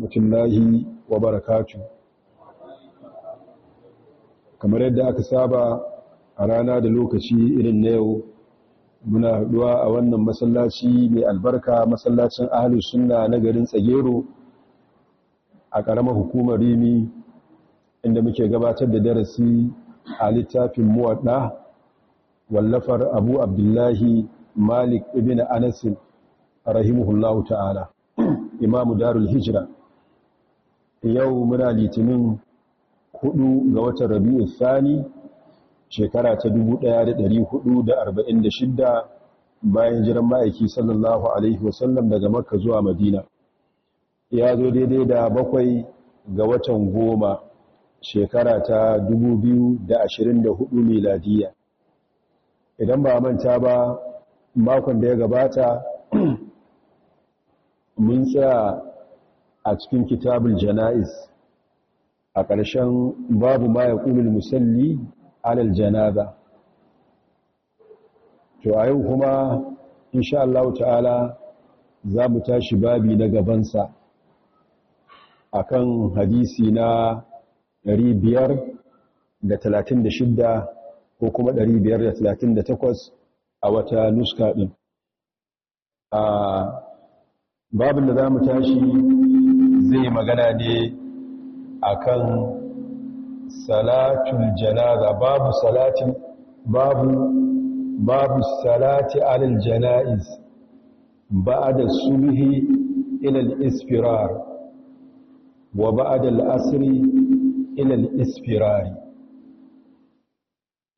rahmatullahi wa barakatu kamar yadda aka saba a rana da lokaci irin na yau muna haɗuwa a wannan masallaci mai albarka masallacin ahli sunna na garin tsagero a ƙaramar hukumar rimi inda muke gabatar da darasi a littafin muwaɗa wallafar abu abdullahi malik ibn anasin rahimuhullahu ta'ala imamu darul hijira yau muna litinin hudu ga watan rabi'u sani shekara ta da da da hudu arba'in 1446 bayan jiran ma'aiki sallallahu alaihi wasallam daga makka zuwa madina ya zo daidai da bakwai ga watan goma shekara ta dubu biyu da da 2024 miladiya idan ba manta ba makon da ya gabata mun tsaya a cikin kitabul jana'iz a ƙarshen babu ma ya ƙulul musalli alal janaza to a yau kuma insha Allah ta'ala za mu tashi babi na gabansa akan hadisi na 536 ko kuma 538 a wata nuska ɗin a babin da za mu tashi zai yi magana ne akan salatul janaza babu babu babu salati alal janaiz ba'da subhi ila al-isfirar wa ba'da al-asri ila al-isfirar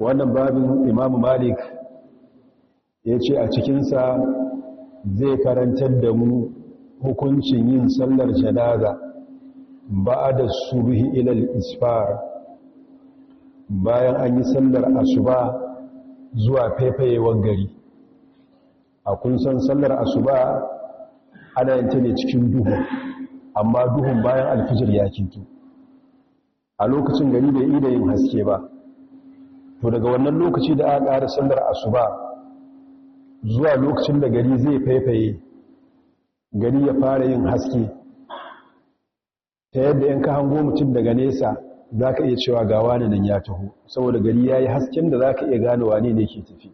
wannan babin imamu malik ya ce a cikinsa zai karantar da mu hukuncin yin sallar janaza da subhi ila al-isfar bayan an yi sallar asuba zuwa faifayewar gari a kun san sallar asuba ana yin ta ne cikin duhu amma duhun bayan alfijir ya kinto a lokacin gari bai ida yin haske ba to daga wannan lokaci da aka ƙara sallar asuba zuwa lokacin da gari zai faifaye gari ya fara yin haske ta yadda yanka hango mutum daga nesa za ka iya cewa ga wani nan ya taho saboda gari ya yi hasken da za ka iya gane wani ne ke tafi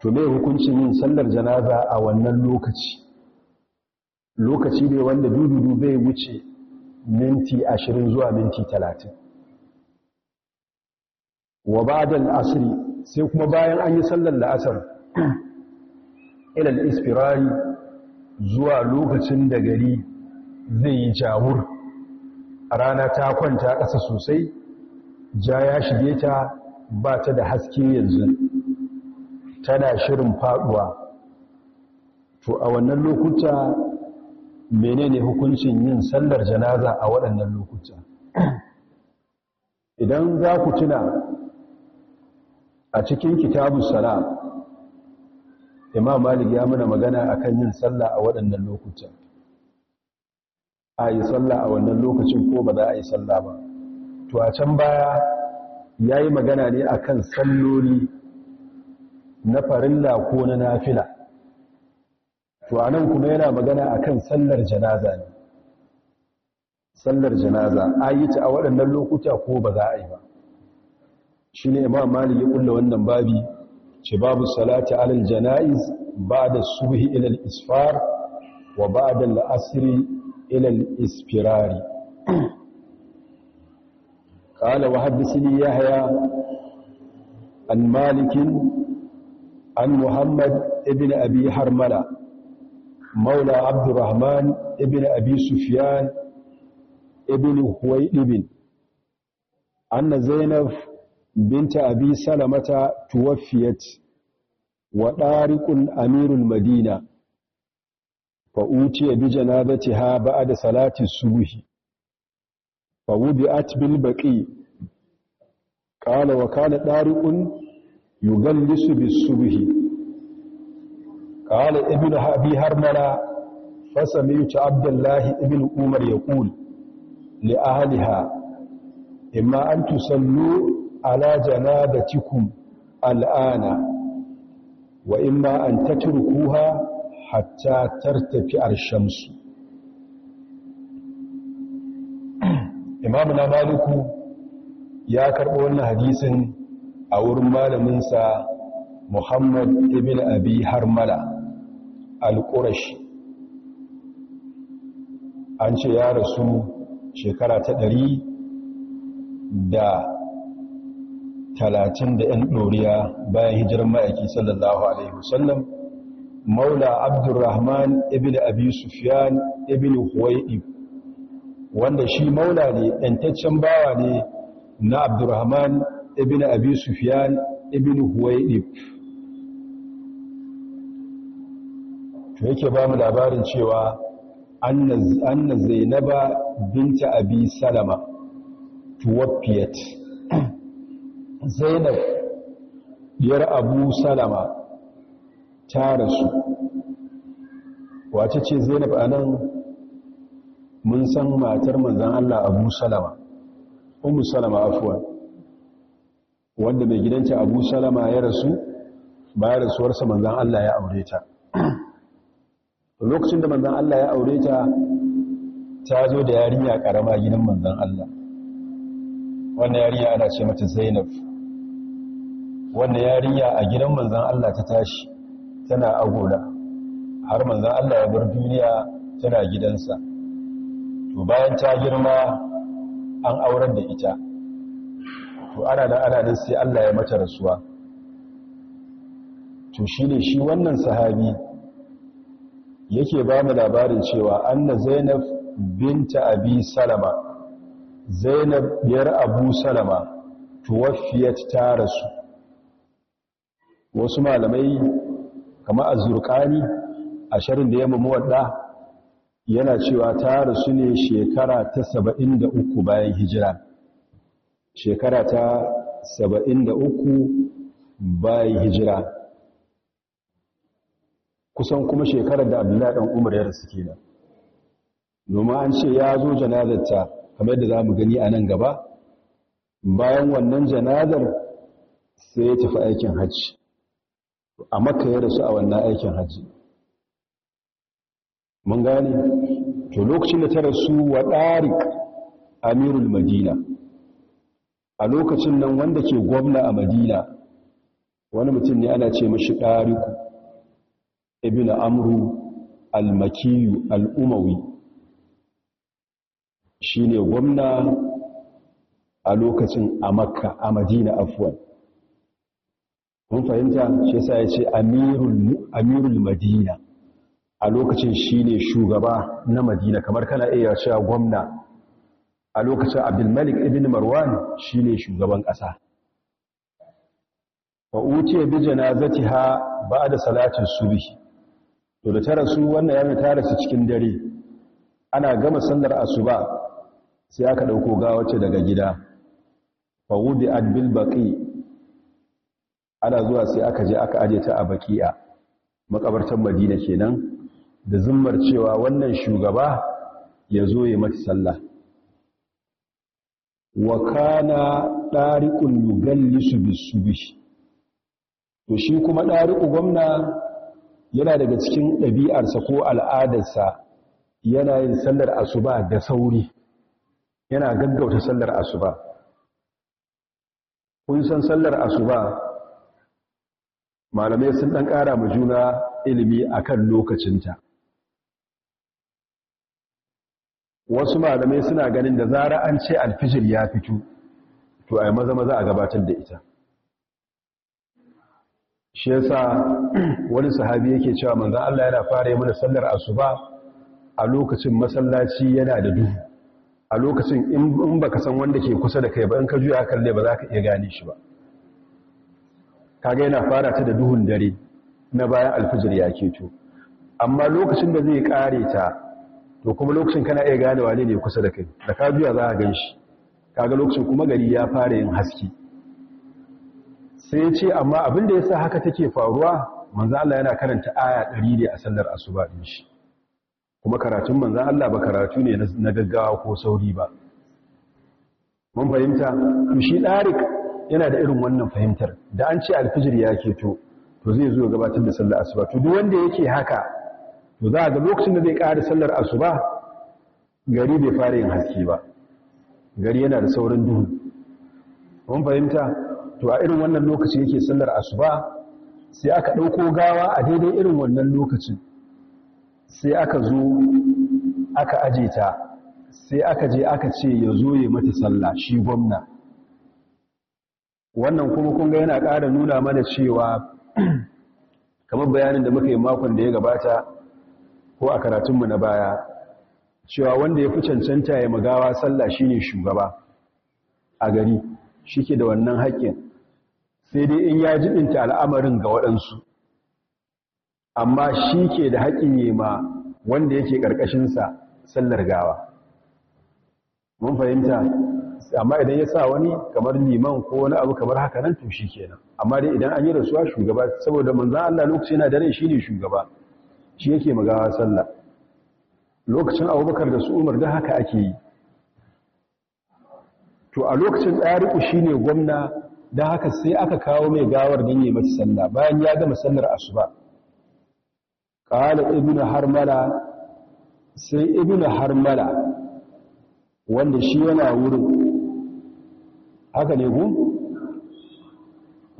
to mai hukuncin yin sallar janaza a wannan lokaci lokaci ne wanda dududu bai wuce minti ashirin zuwa minti talatin wa da asiri sai kuma bayan an yi sallar la'asar ilal ispirari zuwa lokacin da gari zai yi jawur rana ta kwanta ƙasa sosai ja ya shige ta ba ta da haske yanzu tana shirin faɗuwa to a wannan lokuta menene hukuncin yin sallar janaza a waɗannan lokuta idan za ku tuna a cikin kitabu sala imam malik ya muna magana akan yin sallah a waɗannan lokutan a yi sallah a wannan lokacin ko ba za a yi sallah ba to a can baya ya yi magana ne akan salloli na farilla ko na nafila to a nan kuma yana magana akan sallar janaza ne sallar janaza a yi ta a waɗannan lokuta ko ba za a yi ba shi ne imam malik ya kulla wannan babi ce babu salati alal jana'iz ba da subhi ilal isfar wa ba da la'asiri ilal Isfirari. ƙala wa haddisini ya haya an malikin an muhammad ibn abi harmala maula abdurrahman ibn abi sufiyan ibn huwai ibn anna zainab binta abi salamata tuwafiyat wa ɗarikun amirul madina fa’uci abi janazati ha ba’a da salatin suhi fa’udi atbin baƙi ƙala wa kana ɗarikun yugallisu bi suhi ƙala ibi da haɓi har mara fasa mai abdullahi ibin umar ya ƙul li’aliha imma an tusallu ala janazatikun al’ana wa in ma an tatrukuha hatta tartafi arshamsu imamu na maliku ya karɓi wannan hadisin a wurin malamin sa muhammad ibn abi harmala al-qurashi an ce ya rasu shekara ta ɗari da talatin da ‘yan ɗoriya bayan hijirar ma'aiki sallallahu Alaihi wasallam, Maula Abdurrahman ibn Abi Sufyan ibn Huwaidi, wanda shi Maula ne ‘yantaccen bawa ne na Abdurrahman ibn Abi Sufyan ibn Huwaidi. To yake ba mu labarin cewa Anna Zainaba binta Abi Salama, tuwafiyat. zainab biyar abu salama ta rasu wace ce zainab a nan mun san matar manzan allah abu salama umu salama afuwa wanda mai gidanta abu salama ya rasu bayan rasuwarsa manzan allah ya aure ta lokacin da manzan allah ya aure ta ta zo da yarinya karama gidan manzan allah wannan yarinya ana ce mata zainab wanda yarinya a gidan manzan Allah ta tashi tana agoda. har manzan Allah ya bar duniya tana gidansa to bayan ta girma an aurar da ita to ana da ana da sai Allah ya mata rasuwa to shi ne shi wannan sahabi yake ba mu labarin cewa anna Zainab binta Abi Salama Zainab biyar Abu Salama tuwafiyat ta rasu wasu malamai kama a zurkani a shirin da ya mamuwadda yana cewa ta rasu ne shekara ta 73 bayan hijira shekara ta 73 bayan hijira kusan kuma shekarar da abdullahi ɗan umar ya rasu kenan domin an ce ya zo janazarta kamar yadda za mu gani a nan gaba bayan wannan janazar sai ya tafi aikin hajji a makka ya rasu a wannan aikin hajji mun gane to lokacin da ta rasu wa ɗarik amirul madina a lokacin nan wanda ke gwamna a madina wani mutum ne ana ce mashi ɗariku ibn amru al-makiyu al’umawi shi ne gwamna a lokacin a makka a madina afuwan mun fahimta shi yasa ya ce amirul madina a lokacin shi ne shugaba na madina kamar kana iya cewa gwamna a lokacin abdulmalik ibn marwan shi ne shugaban ƙasa fa'uce bi janazati ha ba da salatin subhi to da tara su wannan ya tara su cikin dare ana gama sallar asuba sai aka dauko gawace daga gida fa'udi bil baqi ana zuwa sai aka je aka aje ta a baki'a makabartar madina kenan da zimmar cewa wannan shugaba ya zo ya mata sallah wa kana ɗariƙun yugallisu bisubishi to shi kuma ɗariƙu gwamna yana daga cikin ɗabi'arsa ko al'adarsa yana yin sallar asuba da sauri yana gaggauta sallar asuba kun san sallar asuba malamai sun ɗan ƙara ma juna ilimi a kan lokacinta wasu malamai suna ganin da zara an ce alfijir ya fito to a maza maza a gabatar da ita shi yasa wani sahabi yake cewa manzan Allah yana fara yi mana sallar asuba a lokacin masallaci yana da duhu a lokacin in baka san wanda ke kusa da kai ba in ka juya kalle ba za ka iya gane shi ba kaga yana fara ta da duhun dare na bayan alfijir ya keto amma lokacin da zai kare ta to kuma lokacin kana iya gane wane ne kusa da kai da ka biya za a gan shi kaga lokacin kuma gari ya fara yin haske sai ce amma abin da ya sa haka take faruwa manzo Allah yana karanta aya ɗari ne a sallar asuba din shi kuma karatun manzo Allah ba karatu ne na gaggawa ko sauri ba mun fahimta to shi yana da irin wannan fahimtar da an ce alfijir ya keto to zai zo gabatar da sallar asuba to duk wanda yake haka to za ga lokacin da zai ƙara sallar asuba gari bai fara yin haske ba gari yana da saurin duhu kun fahimta to a irin wannan lokaci yake sallar asuba sai aka ɗauko gawa a daidai irin wannan lokacin sai aka zo aka aje ta sai aka je aka ce ya zo ya mata sallah shi gwamna wannan kuma kun ga yana ƙara nuna mana cewa kamar bayanin da muka yi makon da ya gabata ko a karatunmu na baya cewa wanda ya fi cancanta ya magawa sallah shine shugaba a gari shi da wannan haƙƙin sai dai in ya jibinta al'amarin ga waɗansu amma shi ke da haƙƙin ne ma wanda yake ƙarƙashinsa sallar gawa mun fahimta amma idan ya sa wani kamar liman ko wani abu kamar haka nan to shi kenan amma dai idan an yi rasuwa shugaba saboda manzan Allah lokaci yana da rai shi ne shugaba shi yake magawa sallah lokacin abubakar da su umar da haka ake yi to a lokacin ɗariku shi ne gwamna da haka sai aka kawo mai gawar don yi mata sallah bayan ya gama sallar asuba ƙala ibnu harmala sai ibnu harmala wanda shi yana wurin haka ne ku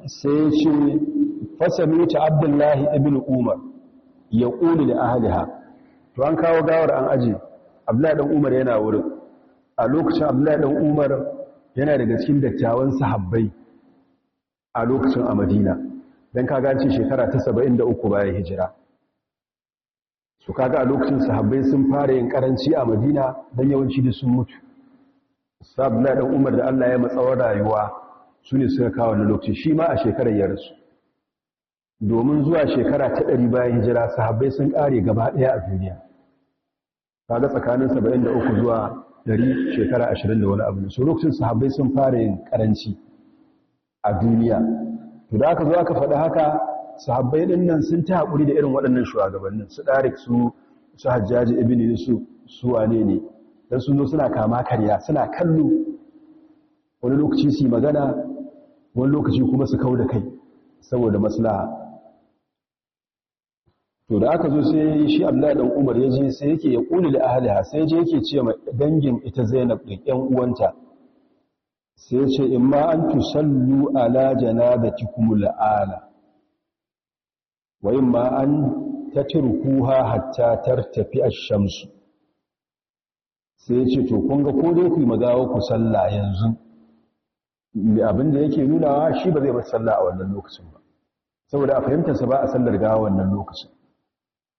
sai ce fasami ta abdullahi ibn umar ya kuli da ahliha to an kawo gawar an aji abdullahi Dan umar yana wurin a lokacin abdullahi Dan umar yana daga cikin dattawan sahabbai a lokacin a madina ga shekara ta 73 bayan hijira su kaga a lokacin sahabbai sun fara yin karanci a madina dan yawanci da sun mutu na ɗan umar da Allah ya matsawar rayuwa su ne suka kawo na lokaci shi ma a shekarar ya rasu domin zuwa shekara ta ɗari bayan hijira sahabbai sun ƙare gaba ɗaya a duniya ga tsakanin 73 zuwa 100 shekara 20 da wani abu su lokacin sahabbai sun fara yin ƙaranci a duniya to da aka zo aka faɗi haka sahabbai ɗinnan nan sun ta haƙuri da irin waɗannan shugabannin su Darik su su Hajjaji ibini su, su wane ne don sun zo suna kama karya suna kallo wani lokaci su magana wani lokaci kuma su kau da kai saboda maslaha to da aka zo sai shi abdullahi dan umar ya je sai yake ya kuli da ha, sai je yake ce ma dangin ita zainab da ƴan uwanta sai ce in ma an tusallu ala janazatikum la'ala wa in ma an tatruhuha hatta tartafi ash-shamsu sai ya ce to kun ga ko dai ku yi magawa ku sallah yanzu abin da yake nunawa shi ba zai bar sallah a wannan lokacin ba saboda a sa ba a sallar gawa wannan lokacin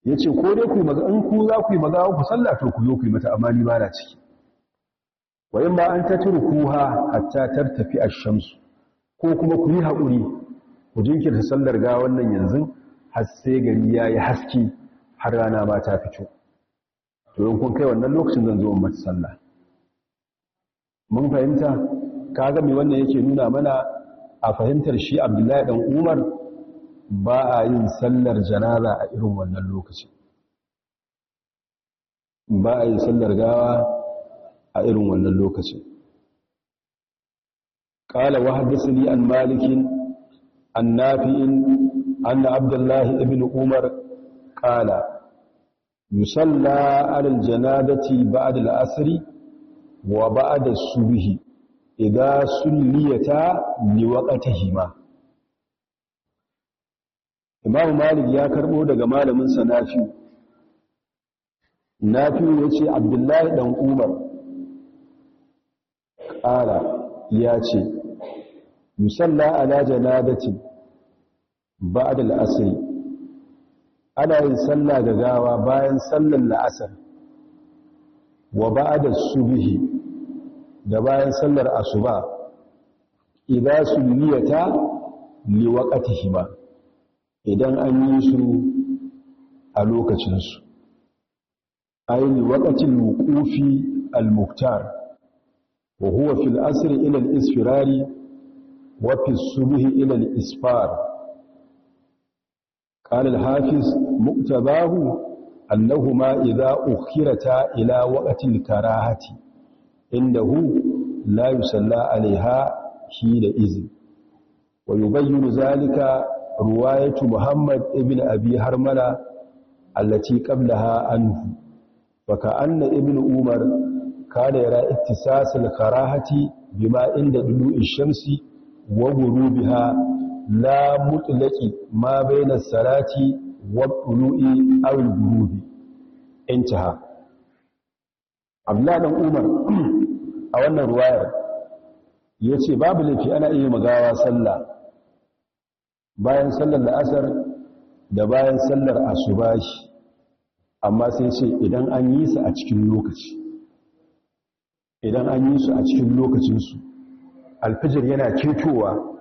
ya ce ko dai ku yi maga in ku za ku yi magawa ku sallah to ku zo ku yi mata amma ni ba na ciki wa in ba an ta turkuha hatta tartafi ash-shamsu ko kuma ku yi haƙuri ku jinkirta sallar gawa wannan yanzu har sai gari yayi haske har rana ma ta fito to kun kai wannan lokacin zan zo in mata sallah mun fahimta kaga me wannan yake nuna mana a fahimtar shi Abdullahi dan Umar ba a yin sallar janaza a irin wannan lokacin ba a yin sallar gawa a irin wannan lokacin قال وحدثني عن an عن نافع أن an Abdullahi بن Umar قال yusalla alal janabati ba'da al-asri wa ba'da subhi idza sulliyata hima. Imam Malik ya karbo daga malamin sa Nafi Nafi yace Abdullahi dan Umar qala yace yusalla ala janabati ba'da al-asri ana yin sallah da gawa bayan sallar la'asar wa ba'da subhi da bayan sallar asuba idan sunniyata liwaqatihima idan an yi su a lokacinsu. su ay liwaqatil wuqufi al-muqtar wa huwa fil asr ila isfirari wa fi subhi ila isfar قال الحافظ مقتضاه أنهما إذا أخرتا إلى وقت الكراهة إنه لا يسلى عليها حين إذن ويبين ذلك رواية محمد ابن أبي هرملة التي قبلها عنه وكأن ابن عمر كان يرى اكتساس الكراهة بما عند دلوء الشمس وغروبها لا مطلق ma baina salati والطلوع tulu'i الغروب انتهى عبد الله بن عمر Umar a wannan ruwayar ce babu laifi ana iya magawa sallah bayan sallar la'asar da bayan sallar asubashi amma sai ce idan an yi su a cikin lokaci idan an yi su a cikin lokacinsu alfijir yana ketowa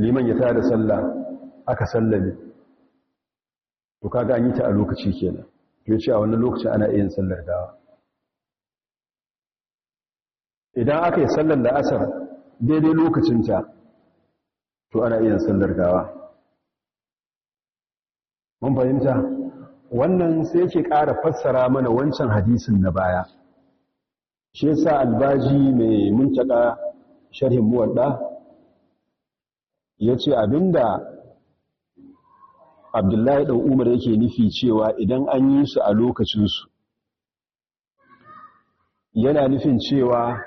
liman ya tada sallah aka sallame to kaga an yi ta a lokaci kenan to yace a wannan lokaci ana yin sallar dawa idan aka yi sallar da asar daidai lokacinta to ana iya sallar gawa mun fahimta wannan sai yake ƙara fassara mana wancan hadisin na baya shi yasa albaji mai muntaka sharhin muwadda ya ce da abdullahi ɗan umar yake nufi cewa idan an yi su a lokacinsu yana nufin cewa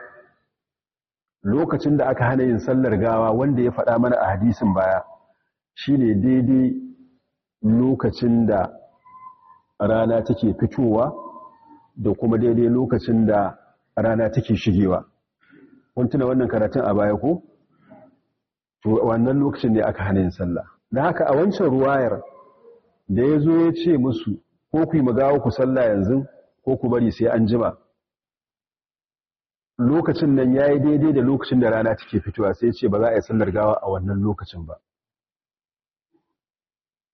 lokacin da aka hana yin sallar gawa wanda ya faɗa mana a hadisin baya shine daidai lokacin da rana take fitowa da kuma daidai lokacin da rana take shigewa kun tuna wannan karatun a baya ko wannan lokacin ne aka hana yin sallah da haka a wancan ruwayar da ya zo ya ce musu ko ku yi magawa ku sallah yanzu ko ku bari sai an jima lokacin nan ya yi daidai da lokacin da rana take fitowa sai ce ba za a yi sallar gawa a wannan lokacin ba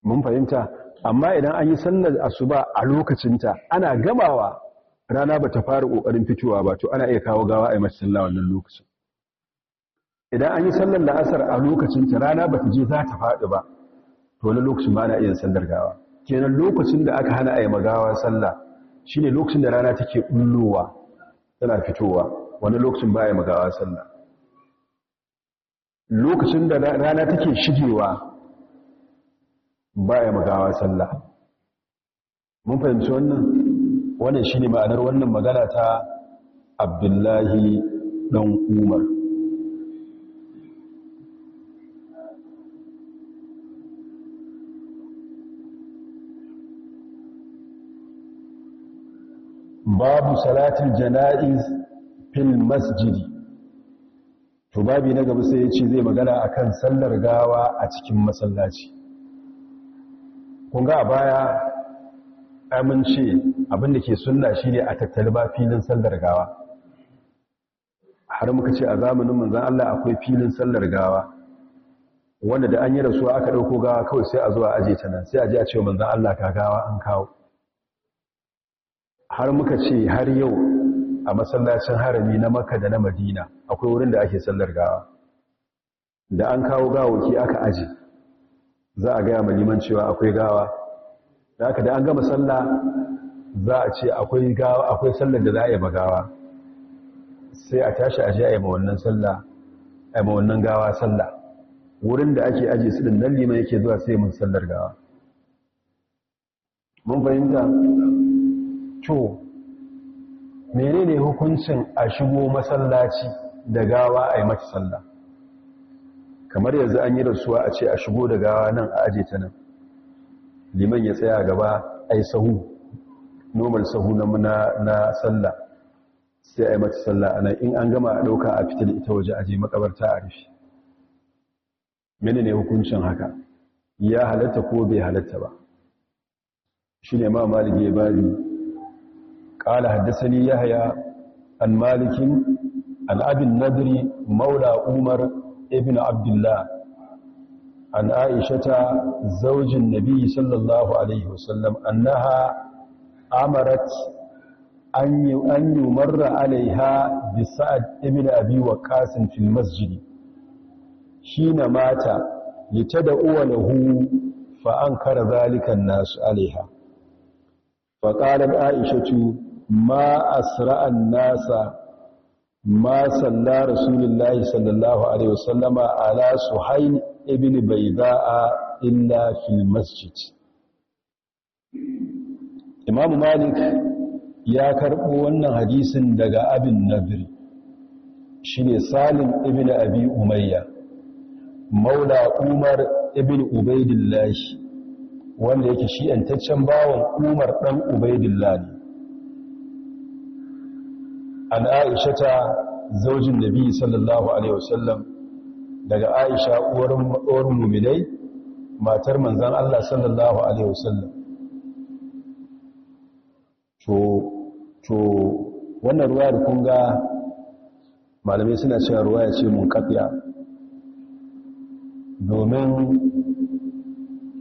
mun fahimta amma idan an yi sallar asuba a lokacinta ana gamawa rana ba ta fara ƙoƙarin fitowa ba to ana iya kawo gawa a yi masu sallah wannan lokacin idan an yi sallar la'asar a lokacin ta rana ba ta je za ta faɗi ba to wani lokacin ba na iya sallar gawa kenan lokacin da aka hana a yi magawa sallah shine lokacin da rana take ɓullowa tana fitowa wani lokacin ba a yi magawa sallah lokacin da rana take shigewa ba a yi magawa sallah mun fahimci wannan wannan shi ne ma'anar wannan magana ta abdullahi dan umar babu salatin jana'iz fil masjidi to babi na gaba sai ya ce zai magana akan sallar gawa a cikin masallaci kun ga a baya amince abinda ke sunna shine a tattali ba filin sallar gawa har muka ce a zamanin manzon Allah akwai filin sallar gawa wanda da an yi rasuwa aka dauko gawa kawai sai a zo a aje ta nan sai a je a ce manzon Allah ka gawa an kawo har muka ce har yau a masallacin harami na makka da na madina akwai wurin da ake sallar gawa da an kawo gawaki aka aji za a gaya liman cewa akwai gawa da aka da an gama salla za a ce akwai sallar da za a yi magawa sai a tashi aji a yi ma wannan a yi ma wannan gawa salla wurin da ake aje su din nan liman yake zuwa sai mun sallar gawa mun fahimta to menene hukuncin a shigo masallaci da gawa a yi mata sallah kamar yanzu an yi rasuwa a ce a shigo da gawa nan a aje ta nan liman ya tsaya gaba a yi sahu nomar sahu na sallah sai a yi mata salla a nan in an gama a ɗauka a fitar ita waje a je makabarta a rufe mene ne hukuncin haka ya halatta ko bai halatta ba shi ne ma maliki ya bari قال حدثني يحيى عن مالك عن أبي النضر مولى عمر ابن عبد الله عن عائشة زوج النبي صلى الله عليه وسلم أنها أمرت أن يمر عليها بسعد ابن أبي وقاس في المسجد حين مات لتدعو له فأنكر ذلك الناس عليها فقالت عائشة ma asra'an nasa ma salla rasulullahi sallallahu alaihi wasallama ala suhail ibn bayda'a illa fil masjid imamu malik ya karɓo wannan hadisin daga abin nabiri shine salim ibn abi umayya maula umar ibn ubaidillahi wanda yake shi'antaccen bawan umar ɗan ubaidillahi an aisha ta zaujin nabi sallallahu alaihi wasallam daga aisha uwar muminai matar manzon Allah sallallahu alaihi wasallam to to wannan ruwayar kun ga malamai suna cewa ruwaya ce mun kafiya domin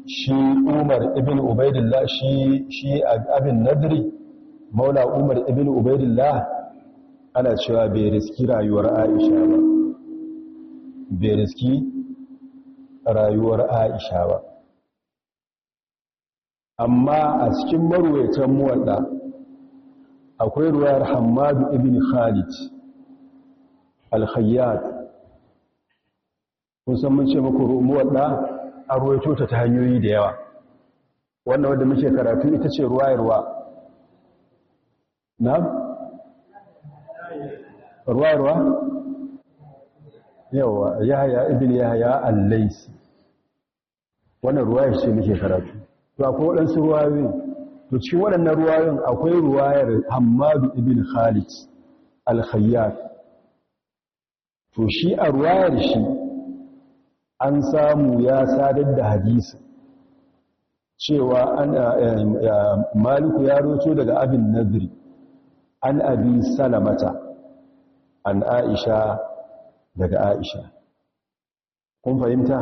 shi umar ibn Ubaidullah, shi shi abin nadri maula umar ibn Ubaidullah. ana cewa bai riski rayuwar aisha ba bai riski rayuwar aisha ba amma a cikin marwayatan muwadda akwai ruwayar hamadu ibn khalid al-khayyat kusan mun ce muku muwadda a ruwaito ta hanyoyi da yawa wannan wanda muke karatu ita ce ruwayarwa na ruwa ruwa yawa ya haya, ibn ya haya laisi wannan ruwayar ce muke karatu to akwai waɗansu ruwayoyi to cikin waɗannan ruwayoyin akwai ruwayar Hamadu ibn khalid al-khayyar to shi a ruwayar shi an samu ya sadar da hadisi cewa an eh, eh, maliku ya roto daga abin nazari an abi salamata an aisha daga aisha kun fahimta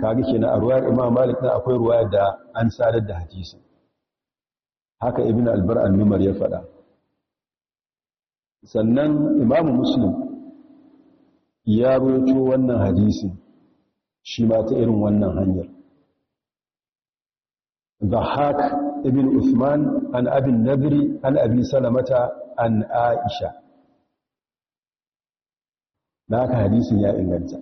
kaga kenan a ruwayar imam malik na akwai ruwaya da an sadar da hadisi haka ibn albar al ya faɗa sannan imamu muslim ya roco wannan hadisi shi ma ta irin wannan hanyar dhahak Ibin usman an abin nadri an abi salamata an aisha da haka hadisin ya inganta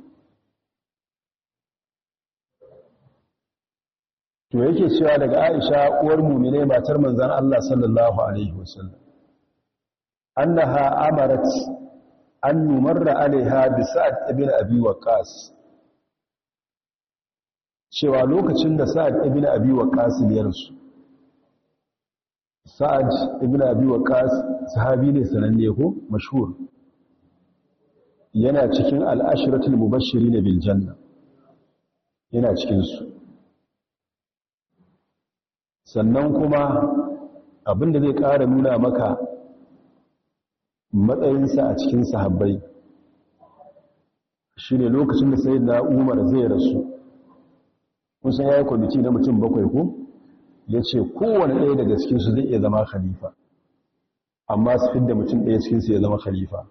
to yake cewa daga aisha uwar mumine matar manzan allah sallallahu alaihi wasallam annaha amarat an numarra alaiha bi sa'ad ibn abi waqas cewa lokacin da sa'ad ibn abi waqas ya rasu sa'ad ibn abi waqas sahabi ne sananne ko mashhur yana cikin al'ashiratul mubashiri na biljanna yana cikinsu sannan kuma abin da zai ƙara nuna maka matsayinsa a cikin sahabbai shi ne lokacin da sai na umar zai rasu kusan ya yi kwamiti na mutum bakwai ku ya ce kowane ɗaya daga cikinsu zai iya zama khalifa amma su fidda mutum ɗaya cikinsu ya zama khalifa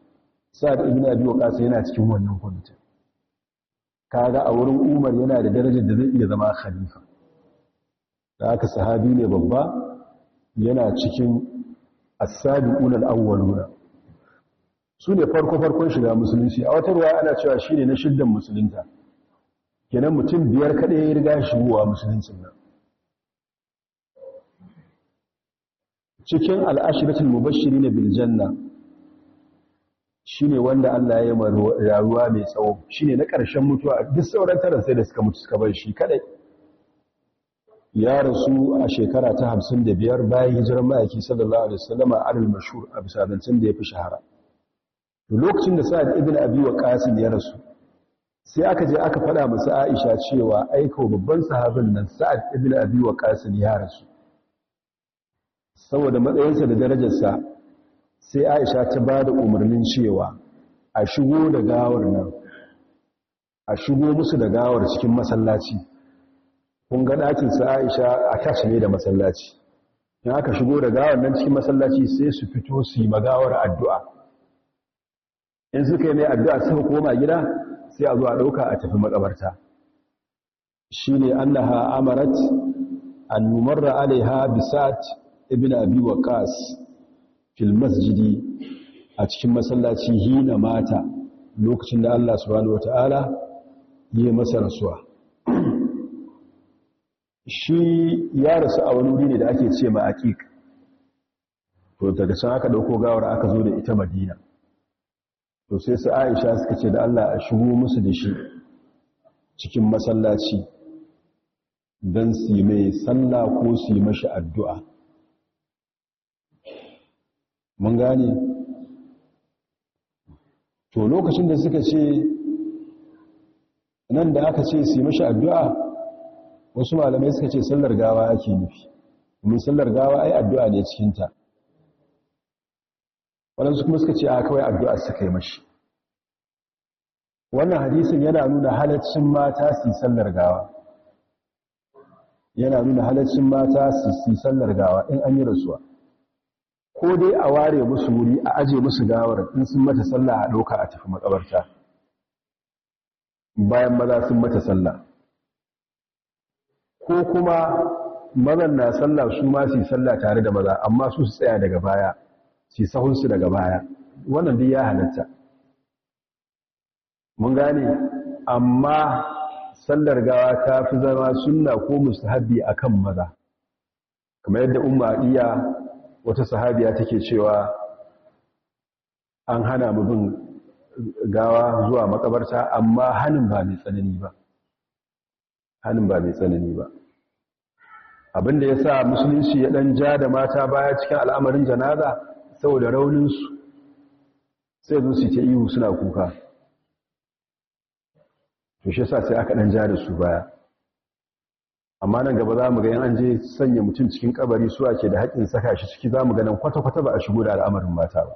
sa'ad ibn abi Kasa yana cikin wannan kwamitin kaga a wurin umar yana da darajar da zai iya zama khalifa da aka sahabi ne babba yana cikin as-sabiqun al-awwaluna su ne farko farkon shiga musulunci a wata ruwa ana cewa shine na shiddan musulunta kenan mutum biyar kaɗai ya riga shigowa musuluncin nan cikin al-ashratul mubashirin bil janna Shi ne wanda Allah ya yi maruwa mai tsawo shi ne na ƙarshen mutuwa duk sauran taron sai da suka mutu suka bar shi kadai ya rasu a shekara ta hamsin da biyar, bayan hijiran ma'aiki sallallahu alaihi wasallam a arin mashur a bisa da ya fi shahara lokacin da sa'ad ibn abi waqas ya rasu sai aka je aka faɗa masa Aisha cewa aiko babban sahabin nan sa'ad ibn abi waqas ya rasu saboda matsayinsa da darajarsa sai aisha ta ba da umarnin cewa a shigo da gawar nan a shigo musu da gawar cikin masallaci kun ga ɗakinsa aisha a tashi ne da masallaci in aka shigo da gawar nan cikin masallaci sai su fito su yi magawar addu'a in suka yi mai addu'a suka koma gida sai a zo a ɗauka a tafi makabarta shi ne annaha amarat annumarra alaiha bisat ibn abi waqas fil masjidi a cikin masallaci hina mata lokacin da Allah subhanahu wata'ala ya masa rasuwa shi ya rasu a wani wuri ne da ake ce ma aqiq to daga can aka dauko gawar aka zo da ita Madina to sai su Aisha suka ce da Allah a shigo musu da shi cikin masallaci dan su mai sallah ko su mashi addu'a mun gane to lokacin da suka ce nan da aka ce su yi mashi addu'a wasu malamai suka ce sallar gawa ake nufi domin sallar gawa ai addu'a ne cikinta waɗansu kuma suka ce a kawai addu'a suka yi mashi wannan hadisin yana nuna halaccin mata su sallar gawa yana nuna halaccin mata su yi sallar gawa in an yi rasuwa ko dai a ware musu wuri a aje musu gawar in sun mata sallah a ɗauka a tafi makabarta bayan maza sun mata sallah ko kuma mazan na sallah su ma su sallah tare da maza amma su su tsaya daga baya su sahunsu daga baya wannan duk ya halatta mun gane amma sallar gawa ta fi zama sunna ko a kan maza kamar yadda umma iya wata sahabiya take cewa an hana mu bin gawa zuwa makabarta amma hannun ba mai tsanani ba hannun ba mai tsanani ba abinda ya sa musulunci ya ɗan ja da mata baya cikin al'amarin janaza saboda rauninsu sai zo su ta ihu suna kuka to shi sa sai aka ɗan ja da su baya amma nan gaba za mu ga yan an je sanya mutum cikin kabari su ake da haƙƙin saka shi ciki za mu ga nan kwata-kwata ba a shigo da al'amarin mata ba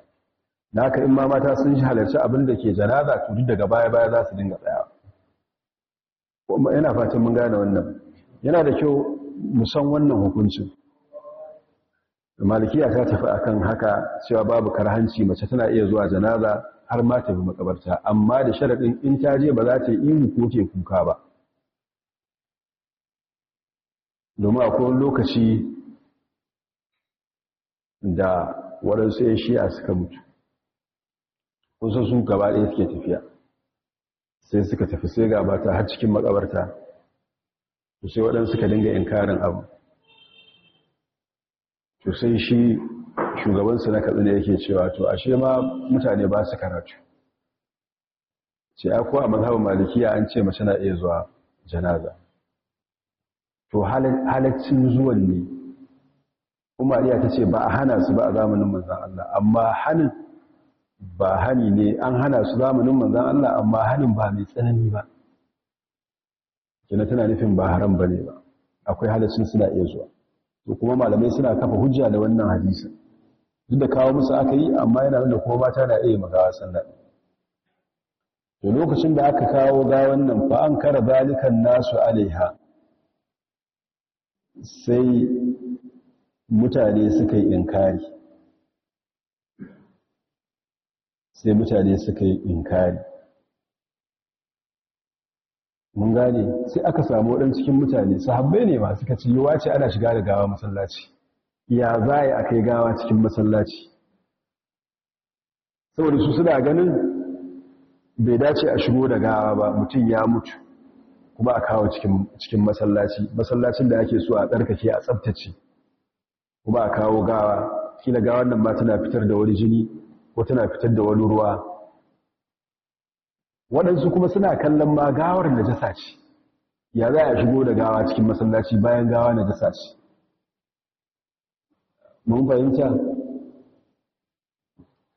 na haka in ma mata sun halarci abin da ke janaza to duk daga baya-baya za su dinga tsaya kuma yana fatan mun gane wannan yana da kyau mu san wannan hukuncin malikiya ta tafi akan haka cewa babu karhanci mace tana iya zuwa janaza har ma ta bi makabarta amma da sharaɗin in ta je ba za ta yi ihu ko ke kuka ba domin akwai lokaci da waɗansu ya shi'a suka mutu kusa su gaba ɗaya suke tafiya sai suka tafi sai gaba ta har cikin makabarta sai waɗansu suka dinga inkarin abu to sai shi shugabansu na katsina yake cewa to ashe ma mutane ba su karatu ce akwai a mazhabar malikiya an ce mace na iya zuwa janaza to halaccin zuwan ne kuma ta ce ba a hana su ba a zamanin manzan Allah amma hannun ba hani ne an hana su zamanin manzan Allah amma hannun ba mai tsanani ba kina tana nufin ba haram ba ne ba akwai halaccin suna iya zuwa to kuma malamai suna kafa hujja da wannan hadisi duk da kawo musu aka yi amma yana nuna kuma mata na iya magawa sallah to lokacin da aka kawo ga wannan fa an kara zalikan nasu alaiha sai mutane suka yi inkari sai mutane suka yi inkari mun gane sai aka samu waɗan cikin mutane sahabbai ne masu suka ci ce ana shiga da gawa masallaci ya za a kai gawa cikin masallaci saboda su suna ganin bai dace a shigo da gawa ba mutum ya mutu kuma a kawo cikin masallaci masallacin da ake so a tsarkake a tsabtace kuma a kawo gawa kila gawa nan ma tana fitar da wani jini ko tana fitar da wani ruwa waɗansu kuma suna kallon ma gawar jasa ce ya za a shigo da gawa cikin masallaci bayan gawa na jasa ce mun fahimta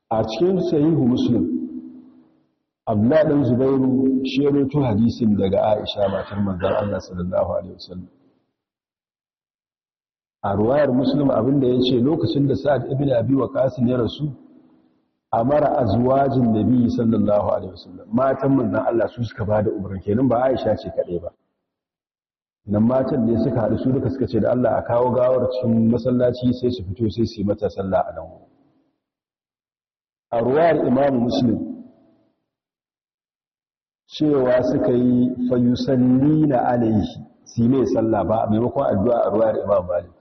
a cikin sahihu muslim Abdulladin zubairu shi ya roto hadisin daga aisha matar manzon Allah sallallahu alaihi wasallam a ruwayar muslim abinda ya ce lokacin da sa'ad ibn abi waqas ya rasu amara azwajin nabi sallallahu alaihi wasallam matan manzon Allah su suka bada umarni kenan ba aisha ce kadai ba nan matan ne suka haɗu su duka suka ce da Allah a kawo gawar cikin masallaci sai su fito sai su yi mata sallah a nan a ruwayar imamu muslim cewa suka yi fayusanni na alaihi si mai sallah ba maimakon addu'a a ruwa da imam malik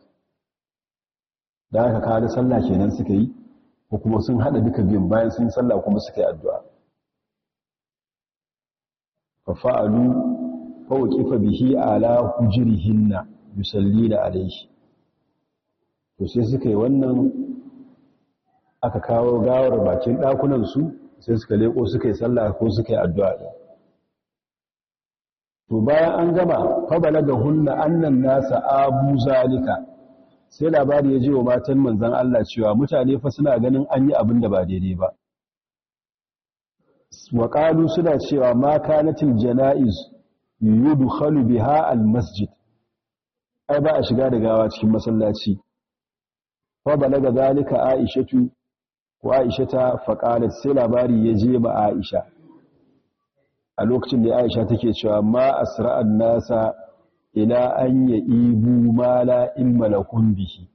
da aka kawo sallah kenan suka yi ko kuma sun haɗa duka biyun bayan sun sallah kuma suka yi addu'a fa fa'alu fa kifa bihi ala hujrihinna da alaihi to sai suka yi wannan aka kawo gawar bakin ɗakunansu sai suka leko suka yi sallah ko suka yi addu'a to bayan an gama fabala ga hunna annan nasa abu zalika sai labari ya je wa matan Manzon Allah cewa mutane fa suna ganin an yi abin da ba daidai ba waƙalu suna cewa ma kanatil jana'iz yudkhalu biha masjid. ai ba a shiga da gawa cikin masallaci fa balaga zalika aishatu wa aishata faqalat sai labari ya je ma aisha a lokacin da aisha take cewa ma asra'an nasa ila an ya ibu mala in malakun bihi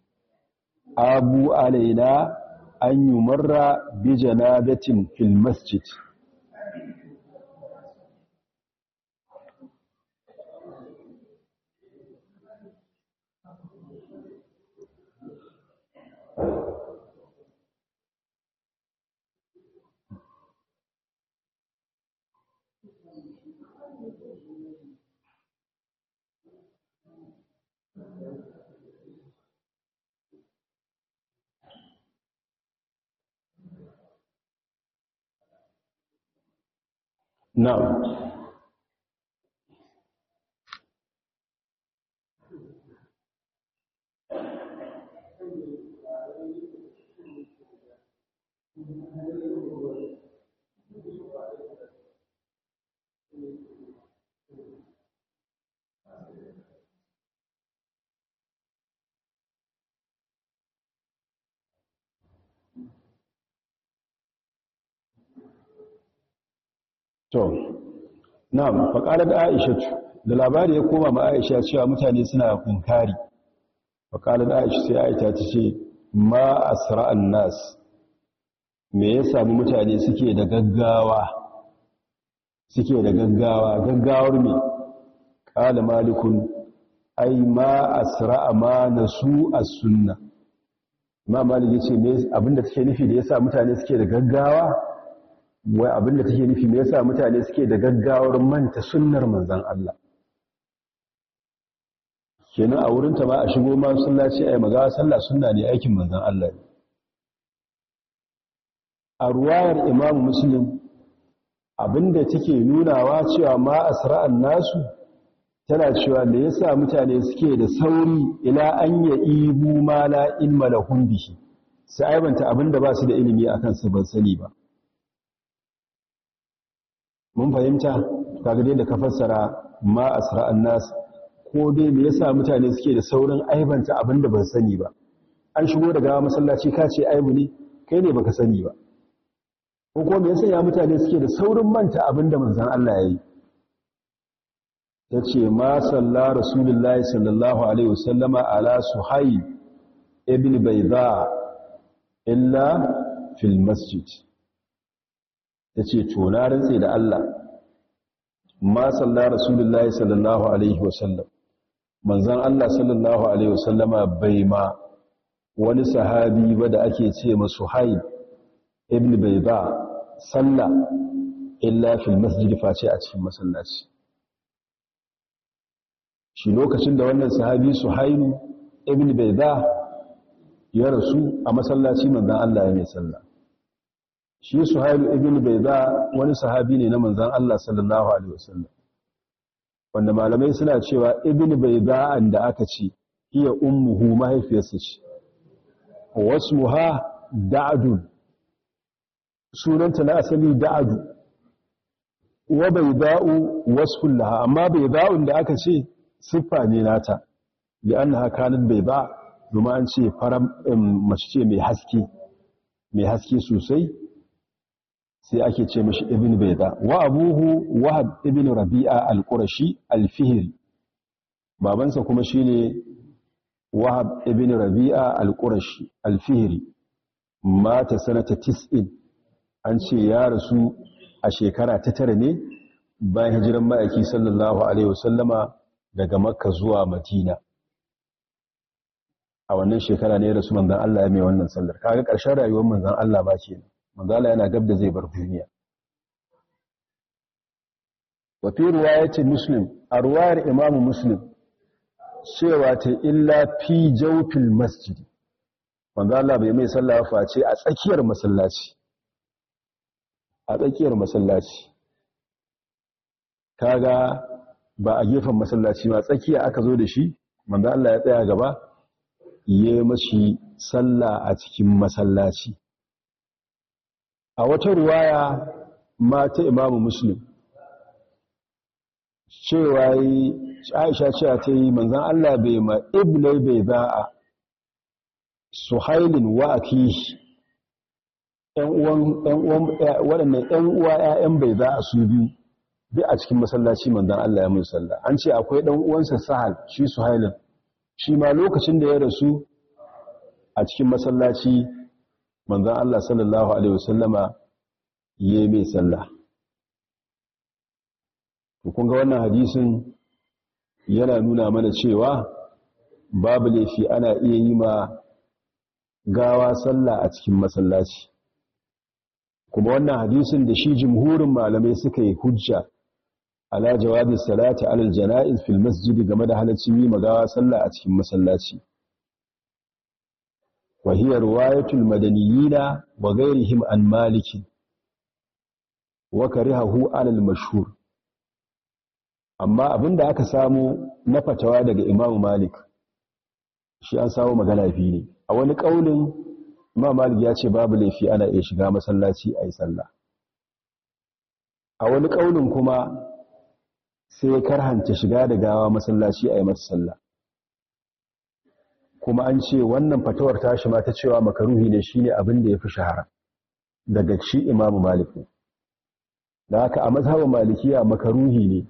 abu alaina an yi marra bi janabatin fil masjid No. Thank you. to na'am da aisha da labari ya koma ma aisha cewa mutane suna kunkari faqalat aisha sai aisha ta ce ma asra annas me ya samu mutane suke da gaggawa suke da gaggawa gaggawar me qala malikun ai ma asra ma nasu as-sunnah ma maliki ce me abinda take nufi da yasa mutane suke da gaggawa wai abin da take nufi me yasa mutane suke da gaggawar manta sunnar manzon Allah kenan a wurin ta ma a shigo ma a ai maza sallah sunna ne aikin manzon Allah ne a ruwayar Imam Muslim abinda take nunawa cewa ma nasu tana cewa da yasa mutane suke da sauri ila an ya ibu mala in malahun bihi sai da abinda ba su da ilimi akan su ban sani ba mun fahimta kaga dai da ka fassara ma asra annas ko dai me yasa mutane suke da saurin aibanta abin ban sani ba an shigo daga masallaci ka ce aibu ne kai ne baka sani ba ko ko me yasa ya mutane suke da saurin manta abinda manzon Allah yayi tace ma salla rasulullahi sallallahu alaihi wasallama ala suhayb ibn bayda illa fil masjid ya ce tona na rantse da Allah ma salla rasulullahi sallallahu alaihi wasallam manzan Allah sallallahu alaihi wasallama bai ma wani sahabi ba da ake ce masu haib ibn bai ba salla illa fil masjid face a cikin masallaci shi lokacin da wannan sahabi suhailu ibn bai ba ya rasu a masallaci manzan Allah ya mai sallah shi suhailu bai baiza wani sahabi ne na manzon Allah sallallahu alaihi wasallam wanda malamai suna cewa bai baiza an da aka ce iya ummuhu mahaifiyarsa ce wasmuha da'adun, sunanta na asali da'du wa bayda'u wasu laha amma bayda'un da aka ce siffa ne nata da annaha kanat bayda domin an ce faram mace ce mai haske mai haske sosai sai ake ce mashi ibn baida wa abuhu wahab ibn rabi'a al-qurashi al-fihri babansa kuma shine wahab ibn rabi'a al-qurashi al-fihri mata sanata 90 an ce ya rasu a shekara ta tara ne bayan hijiran ma'aiki sallallahu alaihi wasallama daga makka zuwa madina a wannan shekara ne rasu manzon Allah ya mai wannan sallar kaga ƙarshen rayuwar manzon Allah ba kenan manzala yana gab da zai bar duniya wafi ruwayatin muslim a ruwayar imamu muslim cewa ta illa fi jaufin masjidi manzala bai mai sallah ce a tsakiyar masallaci a tsakiyar masallaci kaga ba a gefen masallaci ba tsakiya aka zo da shi manzala ya tsaya gaba yayi mashi sallah a cikin masallaci a wata ruwaya mata imamu muslim cewa yi aisha cewa ta yi manzan Allah bai ma ibnai bai su hailin wa ki waɗannan ‘yan uwa ‘ya'yan bai za a su biyu bi a cikin masallaci manzan Allah ya mun sallah an ce akwai ɗan uwansa sahal shi su suhailin shi ma lokacin da ya rasu a cikin masallaci manzan Allah sallallahu Alaihi wasallama ya mai sallah. Kun ga wannan hadisin yana nuna mana cewa babu laifi ana iya yi ma gawa sallah a cikin masallaci. Kuma wannan hadisin da shi jimhurin malamai suka yi hujja ala jawabin salati alal jana'iz fil masjidi game da halacci yi gawa sallah a cikin masallaci. wa hiya riwayatul madaniyina wa ghayrihim an maliki wa hahu alal mashhur amma da aka samu na fatawa daga Imam Malik shi an samu magana fi ne a wani kaulin Imam Malik ya ce babu laifi ana iya shiga masallaci ayi sallah a wani kaulin kuma sai ya karhanta shiga da gawa masallaci a ayi masa sallah kuma an ce wannan fatawar tashi ma ta cewa makaruhi ne shine abin da ya fi shahara daga shi imamu maliki da haka a mazhabin malikiya makaruhi ne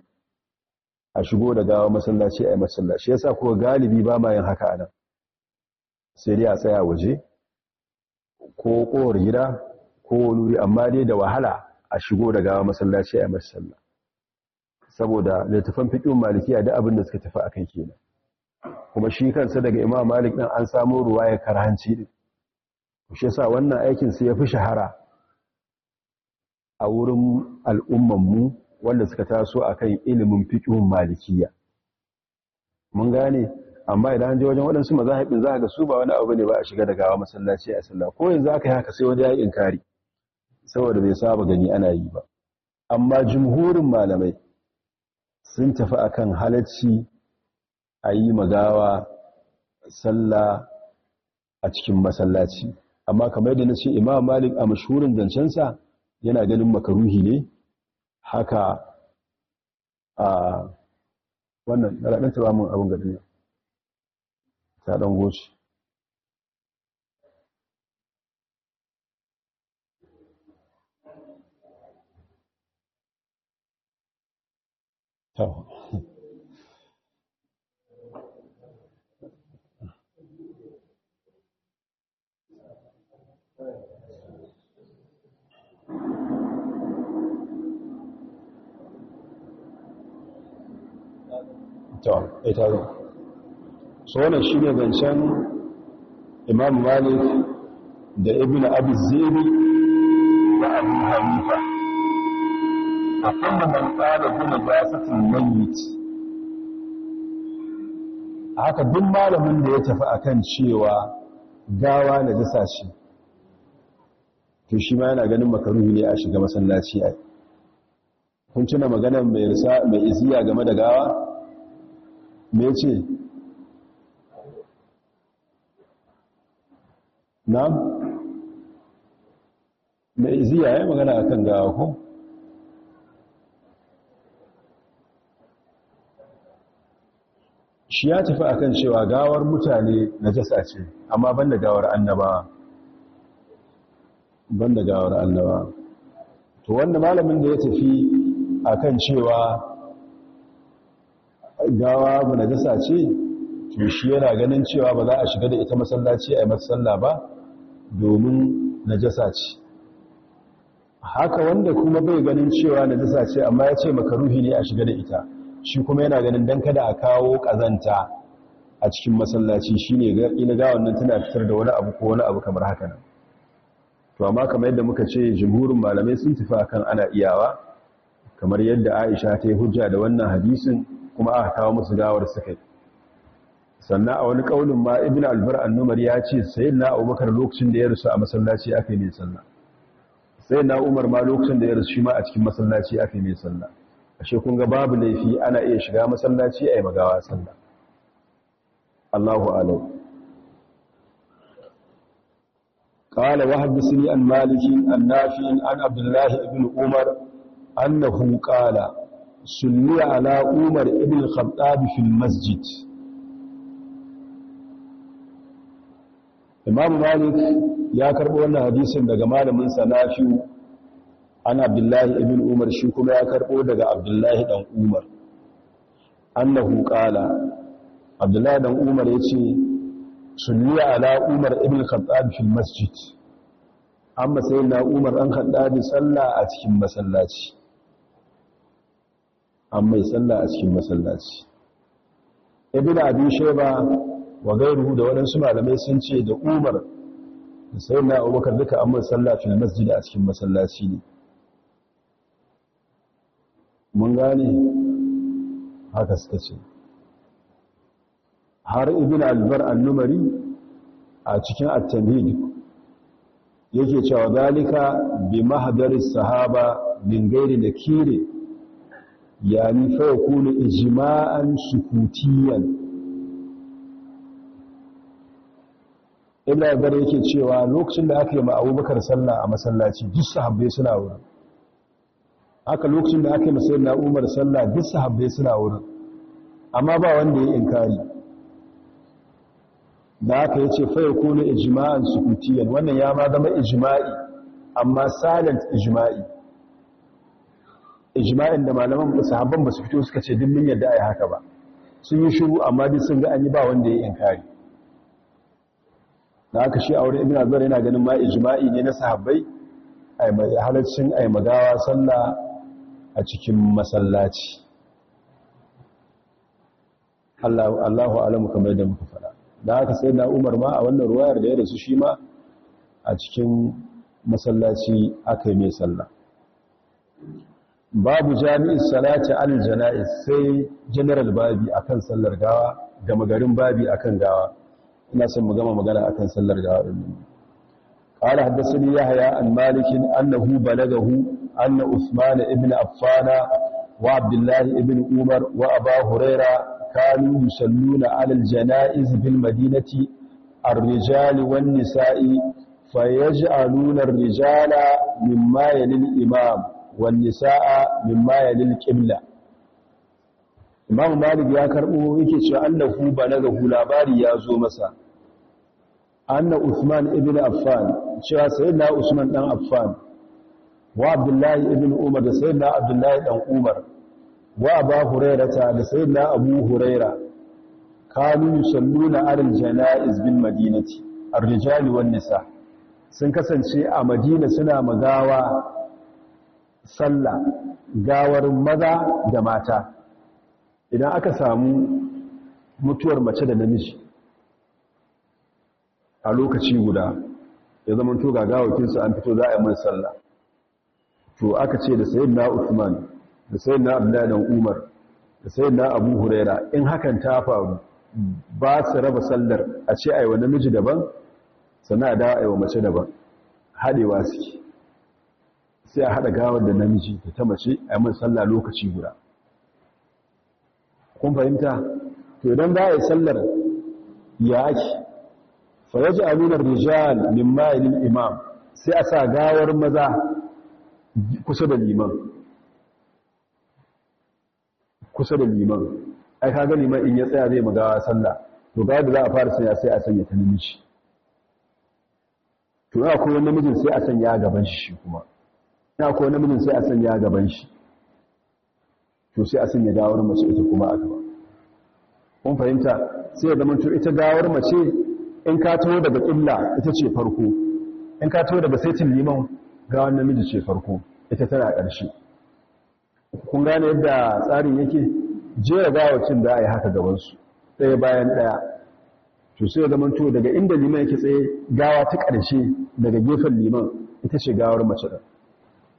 a shigo da gawa masallaci a yi masallaci yasa kuwa galibi ba ma yin haka anan sai dai a tsaya waje ko kowar gida ko wuri amma dai da wahala a shigo da gawa masallaci a yi masallaci saboda littafan fiƙin malikiya da abin da suka tafi akan kenan kuma shi kansa daga imam malik ɗin an samu ruwa ya karhanci ɗin shi sa wannan aikin sai ya fi shahara a wurin al'umman mu wanda suka taso a kan ilimin fiƙihun malikiya mun gane amma idan an je wajen waɗansu mazahaɓin za ga su ba wani abu ne ba a shiga da gawa masallaci a sallah ko yanzu aka yi haka sai wani yayin kari saboda bai saba gani ana yi ba amma jumhurin malamai sun tafi akan halacci a yi magawa sallah a cikin masallaci amma kamar yadda na ce imam malik a mashurin zancensa yana ganin makaruhi ne haka a wannan raɗin taba mun abin gaɗin ne, ta ɗan goci ta Eh, ta ita ne so wannan shi ne zancen imam malik da ibn abu ziri da abu hanifa a kuma ban tsara guna basatin mayyiti a haka duk malamin da ya tafi a kan cewa gawa na jisa shi, to shi ma yana ganin makaruhi ne a shiga masallaci ai kun tuna maganar mai iziya game da gawa me ce na mai ziya ya magana akan gawa ko shi ya tafi akan cewa gawar mutane na jasa ce amma banda gawar ban banda gawar annaba. to wanda malamin da ya tafi akan cewa gawa mu najasa ce to yana ganin cewa ba za a shiga da ita masallaci a yi masalla ba domin na jasa ce haka wanda kuma bai ganin cewa na najasa ce amma ya ce makaruhi ne a shiga da ita shi kuma yana ganin don kada a kawo kazanta a cikin masallaci shi ne ina gawa nan tana fitar da wani abu ko wani abu kamar haka nan to amma kamar yadda muka ce jumhurin malamai sun tafi akan ana iyawa kamar yadda Aisha ta yi hujja da wannan hadisin kuma aka kawo musu gawar suka yi sannan a wani kaulin ma ibn albar annumar ya ce sai na abubakar lokacin da ya rusu a masallaci aka yi mai sallah sai na umar ma lokacin da ya rasu shi ma a cikin masallaci aka yi mai sallah ashe kun ga babu laifi ana iya shiga masallaci a yi magawa sallah Allahu alau قال وحدثني عن مالك عن نافع عن عبد الله بن عمر annahu قال sulli ala umar ibn al-khattab masjid imam malik ya karbo wannan hadisin daga malamin sanafiu an abdullahi ibn umar shi kuma ya karbo daga abdullahi dan umar annahu qala abdullahi dan umar yace sulli ala umar ibn al-khattab fil masjid amma sayyidina umar an haddabi sallah a cikin masallaci an mai sallah a cikin masallaci ibn abi shaiba wa gairuhu da waɗansu malamai sun ce da umar da sayyidina abubakar duka an mai sallah fil masjid a cikin masallaci ne mun gane haka suka ce har ibn albar annumari a cikin at-tamhid yake cewa zalika bi mahdari sahaba min gairi kire yani fa yakunu ijma'an sukutiyan illa bare yake cewa lokacin da aka yi ma Abubakar sallah a masallaci duk sahabbai suna wurin haka lokacin da aka yi ma sayyidina Umar sallah duk sahabbai suna wurin amma ba wanda ya inkari da aka yace fa yakunu ijma'an sukutiyan wannan ya ma zama ijma'i amma silent ijma'i ijma'in da malaman sahabban ba su fito suka ce dimmin yadda a yi haka ba sun yi shiru amma duk sun ga an yi ba wanda ya yi inkari da aka shi a wurin ibn azbar yana ganin ma ijma'i ne na sahabbai halarcin halaccin ai magawa sallah a cikin masallaci Allahu alamu kamar da muka fara da aka sai na umar ma a wannan ruwayar da ya rasu shi ma a cikin masallaci aka yi mai sallah babu jami'in salati al jana'iz sai general babi akan sallar gawa da magarin babi akan gawa ina son mu gama magana akan sallar gawa din قال حدثني يحيى عن مالك انه بلغه ان عثمان ابن عفان وعبد الله ابن عمر وابا هريره كانوا يصلون على الجنائز بالمدينه الرجال والنساء فيجعلون الرجال مما يلي الامام wannisa'a nisaa mimma yalil Imam Malik ya karɓo yake cewa annahu gahu, labari ya zo masa anna usman ibn Affan cewa sayyidina Usman ɗan Affan wa Abdullahi ibn Umar da na Abdullahi dan Umar wa Abu Hurairata da na Abu Huraira kanu na arin janaiz bin madinati ar-rijali sun kasance a Madina suna magawa sallah gawar maza da mata idan aka samu mutuwar mace da namiji a lokaci guda ya zama to gagawakinsu an fito za a yi mai sallah to aka ce da sayin Usman, da sayin na Abdullahi Umar da sayin na Abu Huraira in hakan ta faru ba su raba sallar a ce wa namiji daban sannan a dawo wa mace daban haɗewa suke sai a haɗa gawar da namiji da ta mace a yi sallah lokaci guda kun fahimta to idan za a yi sallar ya ake a nuna rijal min imam sai a sa gawar maza kusa da liman kusa da liman ai kaga liman in ya tsaya zai magawa sallah to ga da za a fara sanya sai a sanya ta namiji to ya koyon namijin sai a sanya gaban shi kuma ya ko namijin sai a sanya gaban shi to sai a sanya gawar mace ita kuma a gaba kun fahimta sai ya zama to ita gawar mace in ka taho daga illa ita ce farko in ka taho daga saitin liman gawar namiji ce farko ita tana ƙarshe kun gane yadda tsarin yake jera gawacin da a yi haka gabansu ɗaya bayan ɗaya to sai zama to daga inda liman yake tsaye gawa ta ƙarshe daga gefen liman ita ce gawar mace ɗan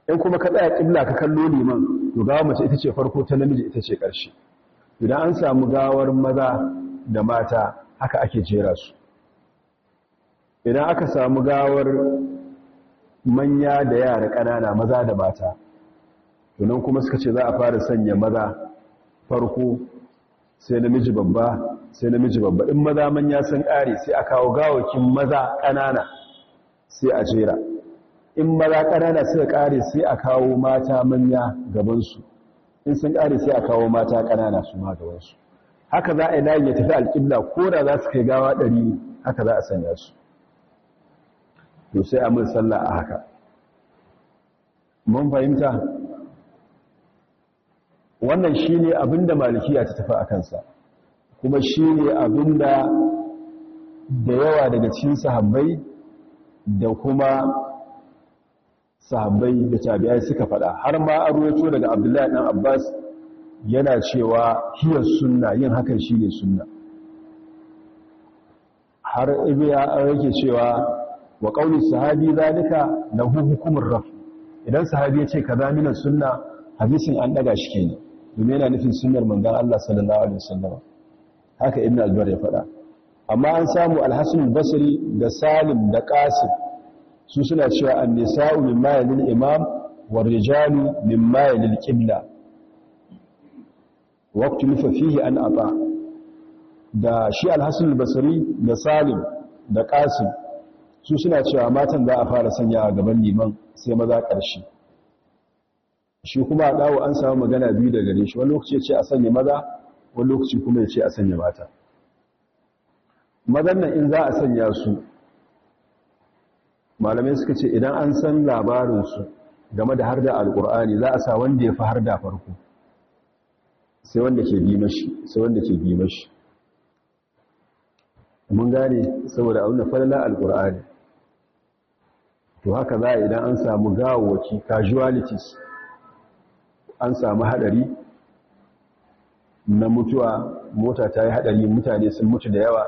in kuma ka tsaya ƙilla ka kallo liman to gawa mace ita ce farko ta namiji ita ce ƙarshe idan an samu gawar maza da mata haka ake jera su idan aka samu gawar manya da yara ƙanana maza da mata tunan kuma suka ce za a fara sanya maza farko sai namiji babba sai namiji babba in maza manya sun ƙare sai a kawo gawakin maza ƙanana sai a jera in maza ƙanana suka ƙare sai a kawo mata manya gabansu in sun ƙare sai a kawo mata ƙanana su ma gabansu haka za a yi layin ya tafi alƙibla ko da za su kai gawa ɗari haka za a sanya su to sai a mun sallah a haka mun fahimta wannan shi ne abinda malikiya ta tafi a kansa kuma shi ne abinda da yawa daga cikin sahabbai da kuma sahabbai da tabi'ai suka fada har ma an ruwaito daga abdullahi dan abbas yana cewa hiya sunna yin hakan shine sunna har ya yake cewa wa qauli sahabi zalika na hukumar raf idan sahabi ya ce ka zaminan sunna hadisin an daga shi kenan domin yana nufin sunnar manzon Allah sallallahu alaihi wasallam haka ibn albar ya fada amma an samu alhasan basri da salim da qasim su suna cewa an-nisa'u min yalil imam wa rijalu min yalil qibla waqtu lifa fihi an ata da shi al-hasan al-basri da salim da qasim su suna cewa matan za a fara sanya a gaban liman sai maza ƙarshe shi kuma a dawo an samu magana biyu da gare shi wani lokaci ya ce a sanya maza wani lokaci kuma ya ce a sanya mata mazan nan in za a sanya su malamai suka ce idan an san labarinsu game da harda da za a sa wanda ya fi har farko sai wanda ke bi mashi sai wanda ke bi mashi mun gane saboda a wani falala alƙur'ani to haka za a idan an samu gawawaki casualties an samu haɗari na mutuwa mota ta yi haɗari mutane sun mutu da yawa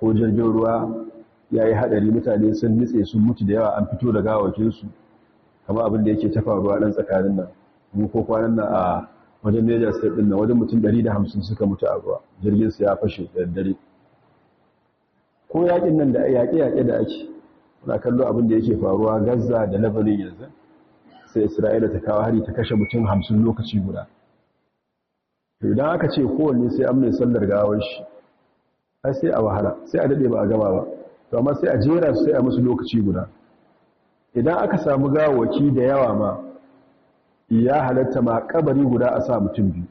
ko jirgin ruwa ya yi haɗari mutane sun nitse sun mutu da yawa an fito da gawakinsu kama abin da yake tafa ruwa ɗan tsakanin nan mu ko kwanan nan a wajen major state ɗin nan wajen mutum 150 suka mutu a ruwa jirgin su ya fashe da dare ko yaƙin nan da yaƙe-yaƙe da ake muna kallo abin da yake faruwa gaza da labarin yanzu sai isra'ila ta kawo hari ta kashe mutum 50 lokaci guda idan aka ce kowanne sai an mai sallar gawar shi ai sai a wahala sai a daɗe ba a gama ba to amma sai a jera su sai a musu lokaci guda idan aka samu gawaki da yawa ma ya halatta ma kabari guda a sa mutum biyu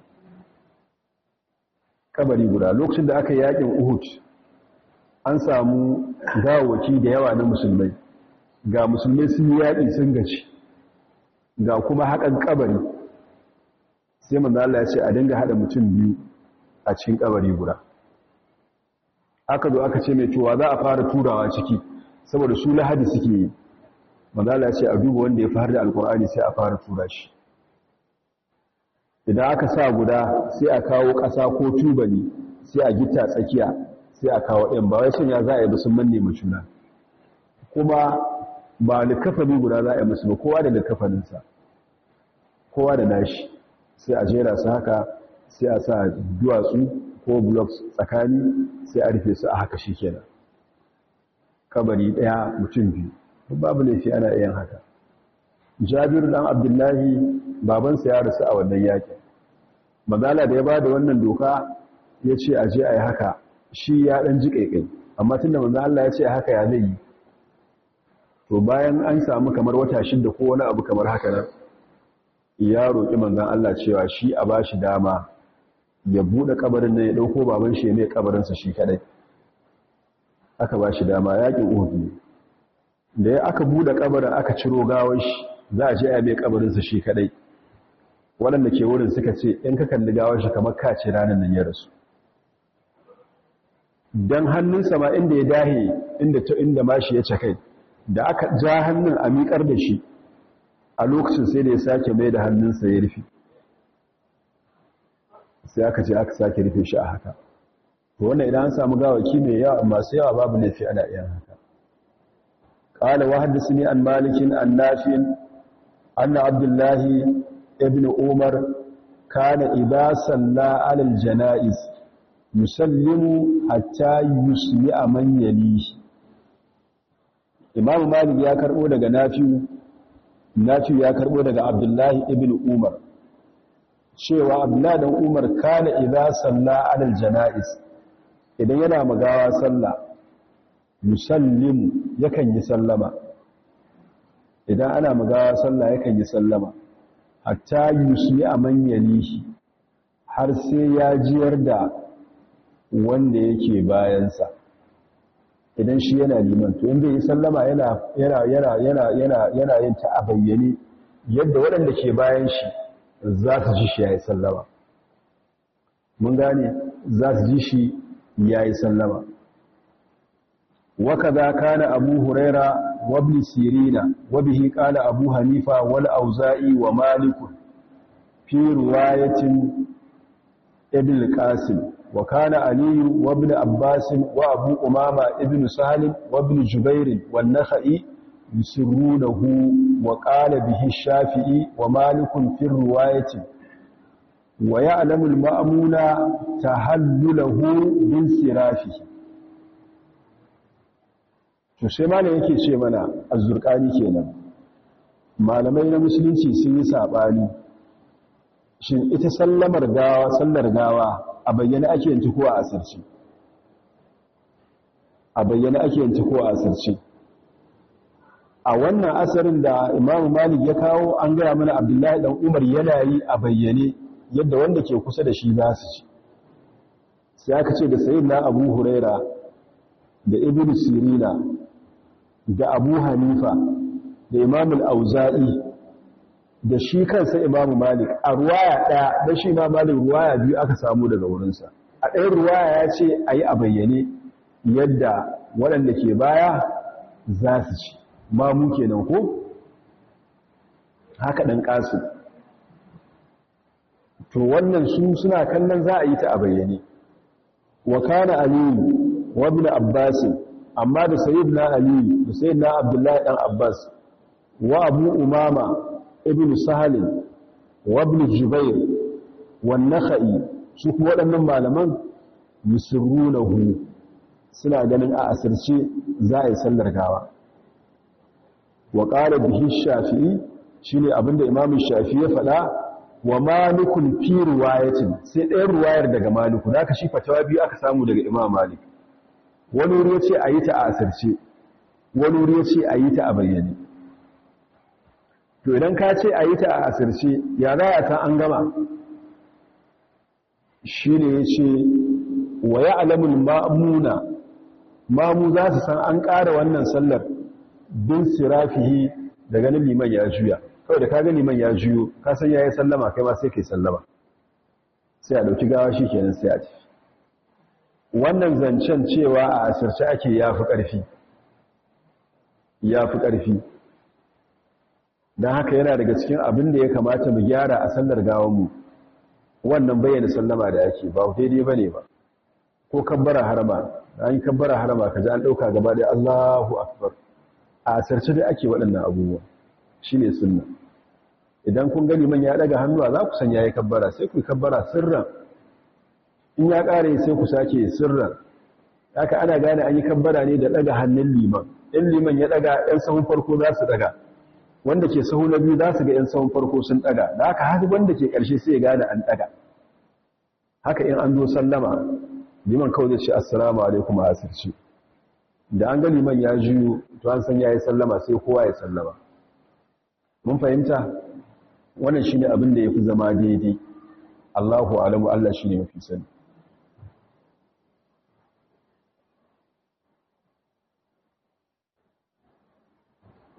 kabari guda lokacin da aka yi yakin uhud an samu gawaki da yawa na musulmai ga musulmai sun yaƙi sun gaci ga kuma haƙan kabari sai manzo Allah ya ce a dinga haɗa mutum biyu a cikin kabari guda aka zo aka ce mai cewa za a fara turawa ciki saboda su lahadi suke yi manzala ce a duba wanda ya fi har da alkur'ani sai a fara tura shi idan aka sa guda sai a kawo ƙasa ko tubali sai a gita tsakiya sai a kawo ɗan ba wai ya za a yi musu manne macuna kuma ba kafani guda za a yi musu ba kowa da kafaninsa. kowa da nashi sai a jera su haka sai a sa duwatsu ko blocks tsakani sai a rufe su a haka shi kenan kabari ɗaya mutum biyu babu laifi ana iya haka jabiru dan abdullahi babansa ya rasu a wannan yakin mazala da ya ba da wannan doka ya ce a je a yi haka shi ya ɗan ji kai-kai, amma tun da manzan Allah ya ce a haka ya zai yi to bayan an samu kamar wata shida ko wani abu kamar haka nan ya roki manzan Allah cewa shi a bashi dama ya buɗe ƙabarin nan ya ɗauko baban shi ne kabarinsa shi kaɗai aka ba shi dama yaƙin obi da ya aka buɗe ƙabarin aka ciro gawar shi za a je a mai kabarinsa shi kaɗai waɗanda ke wurin suka ce in ka kalli gawar shi kamar ka ce ranar nan ya rasu don hannunsa ma inda ya dahe inda ta inda mashi ya cakai da aka ja hannun a miƙar da shi a lokacin sai da ya sake mai da hannunsa ya rufe sai aka ce aka sake rufe shi a haka wannan idan an samu gawaki mai yawa masu yawa babu laifi ana iya haka qala wa haddathani an malikin an nafin anna abdullahi ibn umar kana idha salla ala al janaiz yusallimu hatta yusmi man yali Imam malik ya karbo daga nafi'u nafi ya karbo daga abdullahi ibn umar cewa abdullahi dan umar kana idan salla alal jana'is, idan yana magawa sallah musallim yakan yi sallama idan ana magawa sallah yakan yi sallama hatta a aman shi har sai ya jiyar da wanda yake bayansa idan shi yana liman to in yi sallama yana yana yana yin ta a bayyane yadda waɗanda ke bayan shi za su ji shi ya sallama mun gane za su ji shi ya yi sallama waka za kana abu huraira wabni sirina wabihi kala abu hanifa wal auza'i wa malikun fi ruwayatin ibn qasim wa kana aliyu wa ibn abbas wa abu umama ibn salim wa ibn jubair wan nakhai yusirunahu wa ƙala bihi shafi'i wa malikun fi riwayati wa ya'lamu al-ma'muna tahallulahu bin sirafihi to sai malam yake ce mana azzurqani kenan malamai na musulunci sun yi sabani shin ita sallamar sallar gawa a bayyana ake a asirce yin ko a asirce a wannan asarin da imam malik ya kawo an gaya mana abdullahi dan umar yana yi a bayyane yadda wanda ke kusa da shi za su ci sai aka ce da na abu huraira da ibn sirina da abu hanifa da imam al-auza'i da shi kansa imam malik a ruwaya ɗaya da shi na malik ruwaya biyu aka samu daga wurinsa a ɗayan ruwaya ya ce a yi a bayyane yadda waɗanda ke baya za su ci ba mu nan ko haka ɗan ƙasu to wannan su suna kallon za a yi ta a bayyane wa kana aliyu wa ibn abbas amma da sayyidina aliyu da sayyidina abdullahi dan abbas wa abu umama ibn sahal wa ibn jubair wa nakhai su kuma waɗannan malaman yusirrunahu suna ganin a asirce za a yi sallar gawa wa ƙara bihi shafi'i shine abinda imamu shafi'i ya faɗa wa malikun fi ruwayatin sai ɗayan ruwayar daga maliku da aka shi fatawa biyu aka samu daga imam malik wani wuri ya ce a yi ta a asirce wani wuri ya ce a yi ta a bayyane to idan ka ce a yi ta a asirce ya za a san an gama shi ne ya ce wa ya alamun ma'amuna ma'amu za su san an ƙara wannan sallar bin sirafihi da ganin liman ya juya kawai da ka ga liman ya juyo ka san yayi sallama kai ma sai ka yi sallama sai a ɗauki gawa shi kenan sai a ci wannan zancen cewa a asirce ake yafi karfi yafi karfi dan haka yana daga cikin abin da ya kamata mu gyara a sallar gawar mu wannan bayyana sallama da ake ba daidai bane ba ko kabbara harama an yi kabbara harama ji an ɗauka gaba da Allahu akbar a sarce da ake waɗannan abubuwa shi ne sunna idan kun gani man ya daga hannuwa za ku san ya yi kabbara sai ku kabbara sirran in ya ƙare sai ku sake sirran haka ana gane an yi kabbara ne da daga hannun liman in liman ya daga ɗan sahun farko za su daga wanda ke sahun na za su ga ɗan sahun farko sun daga da haka har wanda ke ƙarshe sai ya gane an daga haka in an zo sallama liman kawai zai ce assalamu alaikum a asirci da an ga liman ya juyo to an san ya yi sallama sai kowa ya sallama mun fahimta wannan shi ne abinda ya fi zama daidai allahu alamu allah shi ne mafi sani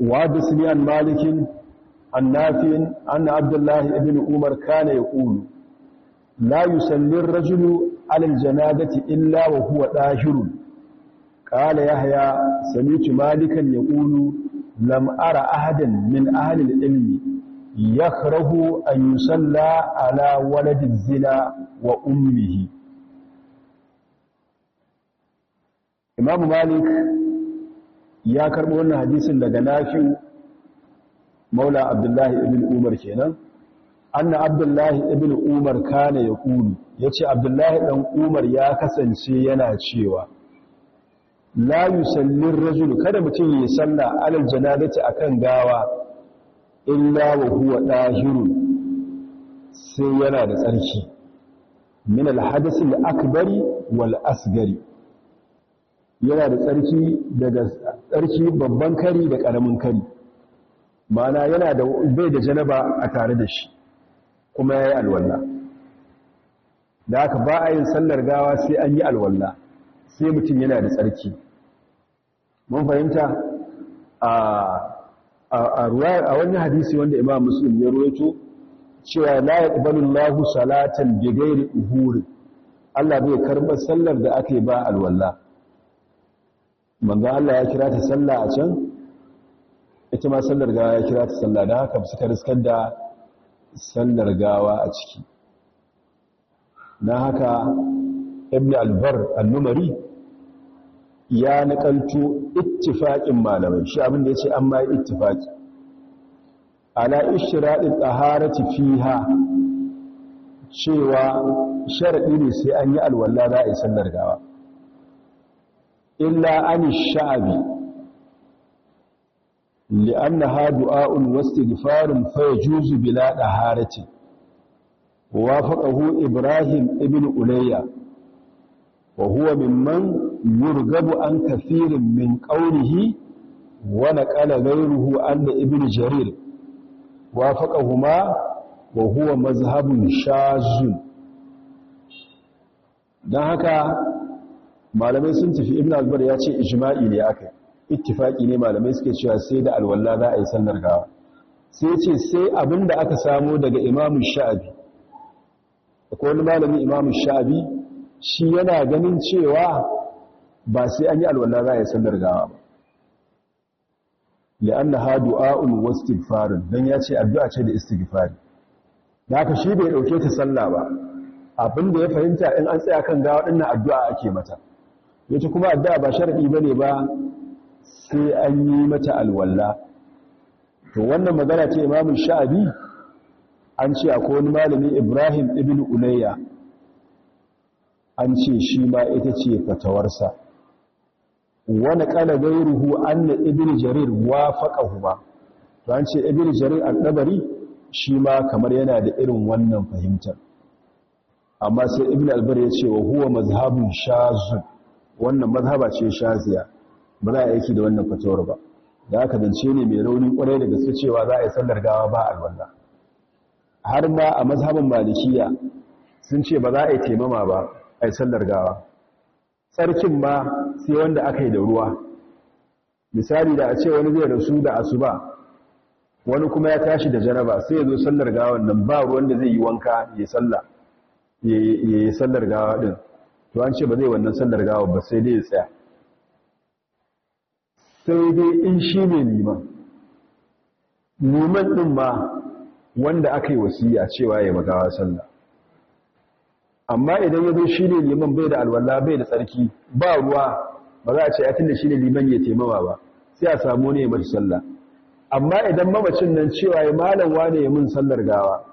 Wa su an malikin annafin anna abdullahi ibn umar kana ya ƙulu la yi sallin rajulu alal janadati illa wa huwa ɗahirun قال يحيى سمعت مالكا يقول لم ارى احدا من اهل العلم يكره ان يصلى على ولد الزنا وامه امام مالك ya karɓi wannan hadisin daga nafi maula abdullahi ibn umar kenan anna abdullahi ibn umar kana ya yace ya ce abdullahi Dan umar ya kasance yana cewa la yusallir rajul kada mutum ya salla alal janazati akan gawa illa wa huwa dahiru sai yana da tsarki min al hadath al akbari wal asgari yana da tsarki daga tsarki babban kari da karamin kari mana yana da bai da janaba a tare da shi kuma yayi alwala da haka ba a yin sallar gawa sai an yi alwala sai mutum yana da tsarki mun fahimta a wani hadisi wanda imam muslim ya roto cewa la yaqbalu Allahu salatan bi ghairi uhuri Allah bai karba sallar da ake ba alwala manzo Allah ya kira ta salla a can ita ma sallar gawa ya kira ta salla da haka suka riskar da sallar gawa a ciki na haka ibn albar annumari ya nakalto ittifaqin malamai shi abin da yace an bai ittifaqi ala ishradi taharati fiha cewa sharadi ne sai an yi alwala da ai sallar gawa illa an sha'abi du'a'un دعاء واستغفار فيجوز بلا طهارة ووافقه Ibrahim Ibn ulayya wa huwa mimman yurgabu an kathirin min qawlihi wa naqala ghayruhu anna ibn jarir wafaqahuma wa huwa mazhabun shazun dan haka malamai sun tafi ibn akbar ya ce ijma'i ne akai ittifaqi ne malamai suke cewa sai da alwala za a yi sallar gawa sai ce sai abinda aka samu daga imamu sha'abi akwai wani malami imamu sha'abi shi yana ganin cewa ba sai an yi alwala za a yi sallar gawa ba li'anna ha du'a'ul wastighfar dan ya ce addu'a ce da istighfar da haka shi bai dauke ta sallah ba abinda ya fahimta in an tsaya kan gawa dinnan addu'a ake mata yace kuma addu'a ba sharadi bane ba sai an yi mata alwala to wannan magana ce imamu sha'abi an ce akwai wani malami Ibrahim ibnu Ulayya an ce shi ma ita ce fatawarsa wani kala gairuhu anna ibn jarir wafaqahu ba to an ce ibn jarir al-dabari shi ma kamar yana da irin wannan fahimtar amma sai ibn albar ya ce wa huwa mazhabun wannan mazhaba ce shaziya ba za a aiki da wannan fatawar ba da aka zance ne mai rauni kwarai da gaske cewa za a yi sallar gawa ba alwala har ma a mazhabin malikiya sun ce ba za a yi taimama ba a yi sallar gawa tsarkin ma sai wanda aka yi da ruwa misali da a ce wani zai rasu da asuba wani kuma ya tashi da jaraba sai ya zo sallar gawan nan ba ruwan da zai yi wanka ya salla ya yi sallar gawa din to an ce ba zai wannan sallar gawa ba sai dai ya tsaya sai dai in shi ne liman liman din ma wanda aka yi wasiya cewa ya magawa sallah amma idan ya zo shi ne liman bai da alwala bai da tsarki ba ruwa ba za a ce ya da shi ne liman ya taimawa ba sai a samu ne mace sallah amma idan mamacin nan cewa ya malam wane ya mun sallar gawa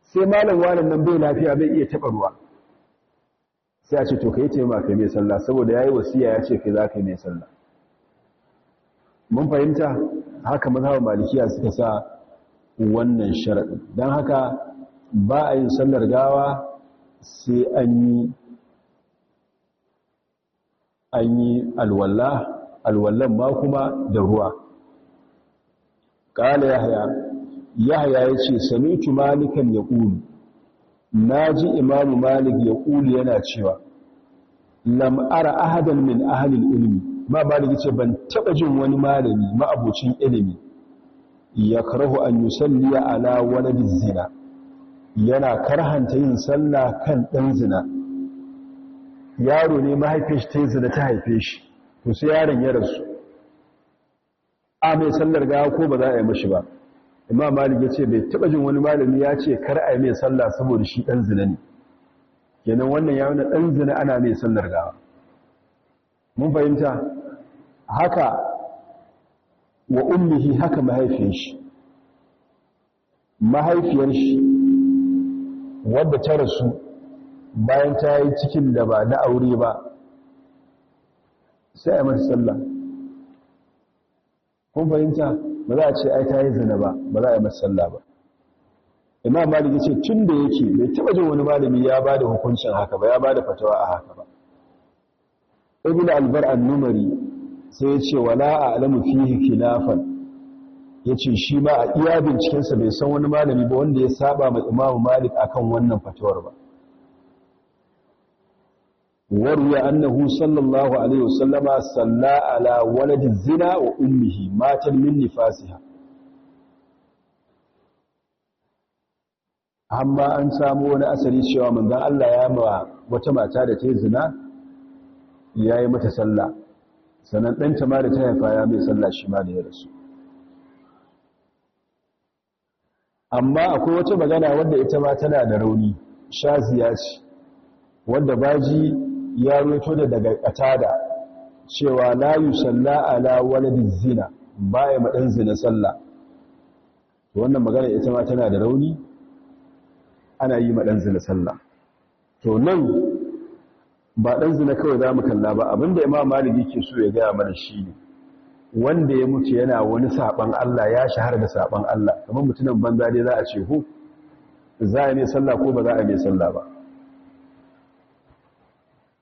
sai malam wane nan bai lafiya bai iya taɓa ruwa sai a ce to kai taimaka kai mai sallah saboda yayi wasiya ya ce kai za ka mai sallah mun fahimta haka mazhaban malikiya suka sa wannan sharaɗin dan haka ba a yin sallar gawa sai an yi an yi alwallah alwallan ma kuma da ruwa ƙala yahya yahya ya ce samitu malikan ya ƙulu. na ji imamu malik ya ƙulu yana cewa lam'ara ahadan min ahalin ilimi ma malik ce ban taɓa jin wani malami ma'abocin ilimi ya an yi salliya ala wani zina yana karhanta yin sallah kan ɗan zina yaro ne mahaifin ta yi zina ta haife shi to sai yaron ya rasu a mai sallar gawa ko ba za a yi mashi ba imam malik ya ce bai taɓa jin wani malami ya ce kar a yi mai sallah saboda shi ɗan zina ne kenan wannan ya wani ɗan zina ana mai sallar gawa mun fahimta haka wa ummihi haka mahaifiyar shi mahaifiyar shi wadda ta rasu bayan ta yi cikin da ba na aure ba sai a mata sallah kun fahimta ba za a ce ai ta yi zina ba ba za a yi mata sallah ba imam malik ya ce tun da yake bai taba jin wani malami ya ba da hukuncin haka ba ya ba da fatawa a haka ba ibn albar an-numari sai ya ce wala a'lamu fihi khilafan ya ce shi ma a iya bincikensa bai san wani malami ba wanda ya saba mai imamu malik akan wannan fatawar ba waruwa annahu sallallahu alaihi wasallama salla ala waladi zina wa ummihi matan min nifasiha amma an samu wani asali cewa manzan Allah ya ma wata mata da ta zina yayi mata sallah sannan ɗanta ma da ta haifa ya mai sallah shi ma da ya rasu amma akwai wata magana wadda ita ma tana da rauni shaziya ce wadda baji ya roto da daga katada cewa la yusalla ala waladin zina baya ma dan zina sallah wannan magana ita ma tana da rauni ana yi ma dan zina sallah to nan ba dan zina kawai zamu kalla ba abinda imam maliki ke so ya ga mana shine wanda ya mutu yana wani saban Allah ya shahar da saban Allah kamar mutumin banza ne za a ce hu za a mai sallah ko ba za a mai sallah ba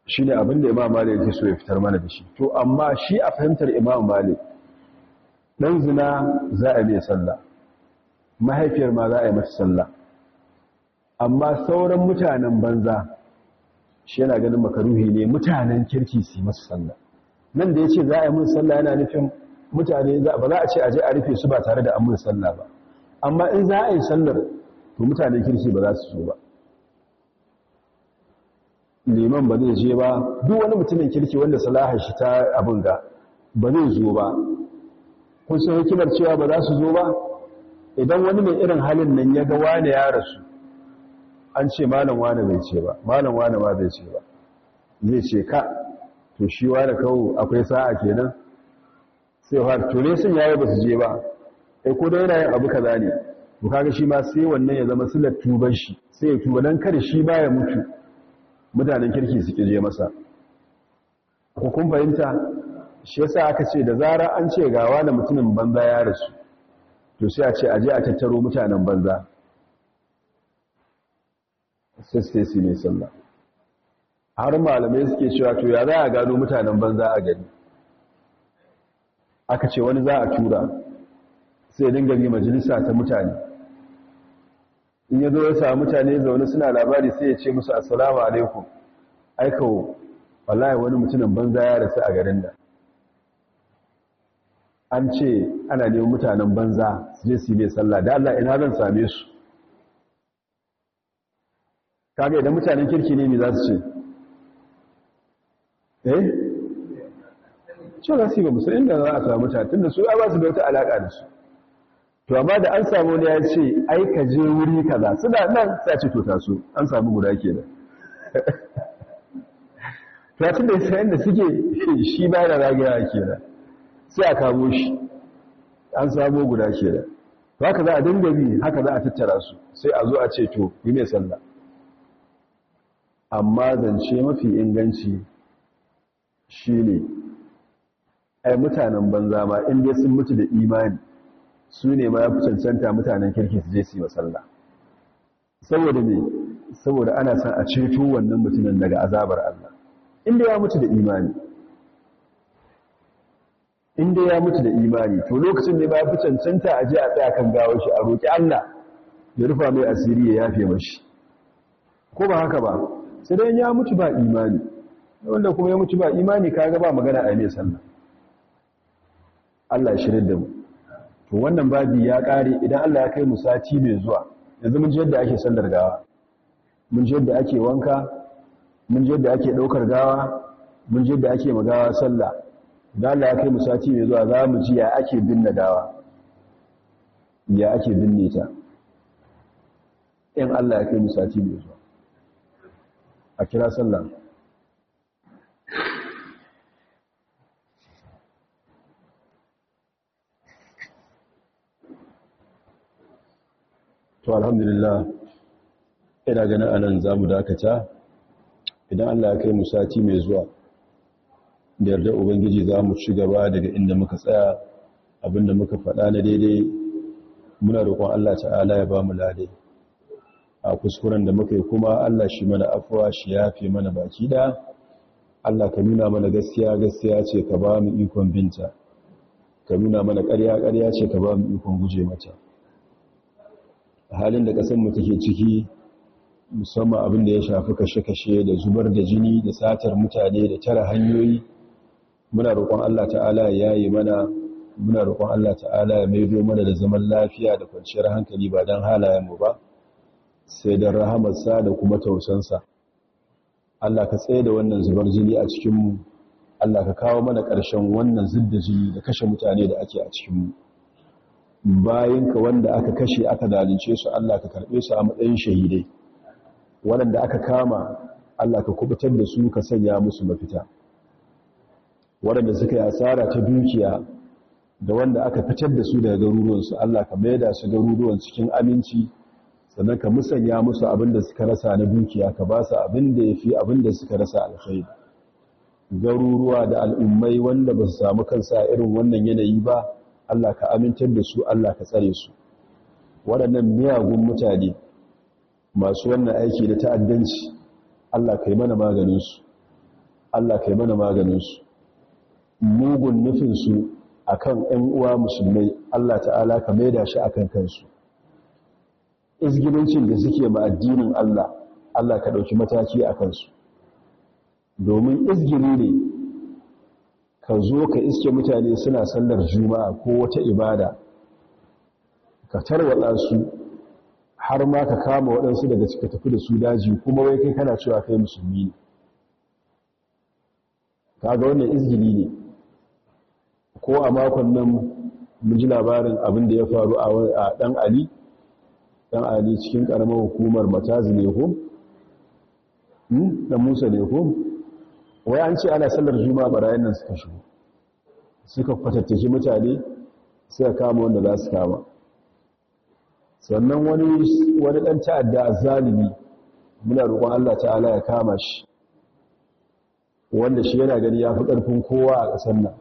shi ne abin da imam malik yake so ya fitar mana da shi to amma shi a fahimtar imam malik dan zina za a mai sallah mahaifiyar ma za a yi mata sallah amma sauran mutanen banza shi yana ganin makaruhi ne mutanen kirki su yi masa sallah nan da ya ce za a yi mun sallah yana nufin mutane ba za a ce a je a rufe su ba tare da an sallah ba amma in za a yi sallar to mutane kirki ba za su so ba liman ba zai je ba duk wani mutumin kirki wanda salahar shi ta abin ga ba zai zo ba kun san hikimar cewa ba za su zo ba idan wani mai irin halin nan ya ga wane ya rasu an ce malam wane bai ce ba malam wane ma bai ce ba zai ce ka to shi wane kawo akwai sa'a kenan cewa tore sun yawo ba su je ba e ko da yana yin abu kaza ne to kaga shi ma sai wannan ya zama silar tuban shi sai ya tuba dan kada shi ba ya mutu mutanen kirki su je masa ko kun fahimta shi yasa aka ce da zara an ce gawa da mutumin banza ya rasu to sai a ce aje a tattaro mutanen banza sai sai ne sallah har malamai suke cewa to ya za a gano mutanen banza a gani aka ce wani za a tura sai dinga bi majalisa ta mutane in ya zo ya samu mutane zaune suna labari sai ya ce musu assalamu alaikum aikawo wallahi wani mutumin banza ya rasu a garin da. an ce ana neman mutanen banza su je su yi sallah da Allah ina zan same su kaga idan mutanen kirki ne me za su ce eh cewa za su yi ba musu inda za a samu ta da su ba su da wata alaƙa da su to amma da an samu ne ya ce ai ka je wuri kaza suna nan sa ce to taso an samu guda ke da tun da sayan da suke shi ba da ke da sai a kamo shi an samu guda kenan to haka za a dinga bi haka za a tattara su sai a zo a ce to yi mai sallah amma zance mafi inganci shi ne. ai mutanen banza ma in dai sun mutu da imani su ne ma ya fi cancanta mutanen kirki su je su yi masalla saboda ne saboda ana son a ceto wannan mutumin daga azabar Allah in dai ya mutu da imani in dai ya mutu da imani to lokacin ne ma ya fi cancanta a je a tsaya kan gawar shi a roƙi Allah ya rufa mai asiri ya yafe mashi ko ba haka ba sai dai ya mutu ba imani wanda kuma ya mutu ba imani kaga ba magana a mai sallah Allah shirin da mu to wannan babi ya kare idan Allah ya kai mu sati mai zuwa yanzu mun ji yadda ake sallar gawa mun ji yadda ake wanka mun ji yadda ake daukar gawa mun ji yadda ake magawa sallah idan Allah ya kai mu sati mai zuwa za mu ji ya ake binne gawa ya ake binne ta in Allah ya kai mu sati mai zuwa a kira sallah to alhamdulillah ina ganin anan za mu dakata idan Allah ya kai mu sati mai zuwa da yarda ubangiji za mu ci gaba daga inda muka tsaya abinda muka faɗa na daidai muna roƙon Allah ta'ala ya ba mu lade a kuskuren da muka yi kuma Allah shi mana afuwa shi ya fi mana baki da Allah ka nuna mana gaskiya gaskiya ce ka ba mu ikon binta ka nuna mana ƙarya ƙarya ce ka ba mu ikon guje mata halin da kasan mu take ciki musamman abin da ya shafi kashe-kashe da zubar da jini da satar mutane da tara hanyoyi muna roƙon Allah ta'ala ya yi mana muna roƙon Allah ta'ala ya maido mana da zaman lafiya da kwanciyar hankali ba don mu ba sai don rahamarsa da kuma tausansa Allah ka tsaye da wannan zubar jini a cikinmu Allah ka kawo mana ƙarshen wannan zidda jini da kashe mutane da ake a cikinmu Bayan ka wanda aka kashe aka dalince su Allah ka karbe su a matsayin shahidai waɗanda aka kama Allah ka kubutar da su ka sanya musu mafita waɗanda suka yi asara ta dukiya da wanda aka fitar da su daga garuruwan su, Allah ka maida su garuruwan cikin aminci sannan ka musanya musu abin da suka rasa na dukiya ka ba su abin da ya abin da suka rasa alkhairi garuruwa da al'ummai wanda ba su samu kansa irin wannan yanayi ba Allah ka amintar da su Allah ka tsare su waɗannan miyagun mutane masu wannan aiki da ta'addanci Allah ka yi mana maganinsu Allah ka yi mana maganinsu mugun nufinsu akan ‘yan uwa musulmai Allah ta'ala ka maida shi akan kansu izgilincin da suke ma addinin Allah Allah ka ɗauki mataki a kansu domin izgiri ne ka zo ka iske mutane suna sallar juma'a ko wata ibada ka tarwada su har ma ka kama waɗansu daga cika tafi da su daji kuma wai kai kana cewa kai musulmi ne ga wannan izgili ne ko a makon nan mun ji labarin abin da ya faru a ɗan ali ɗan ali cikin ƙaramar hukumar matazi ne ko? ɗan hmm? musa ne ko? wai an ce ana sallar juma'a barayin nan suka shigo suka kwatattaki mutane suka kama wanda za su kama sannan wani wani dan ta'adda zalimi muna roƙon Allah ta'ala ya kama shi wanda shi yana gani ya fi ƙarfin kowa a ƙasar nan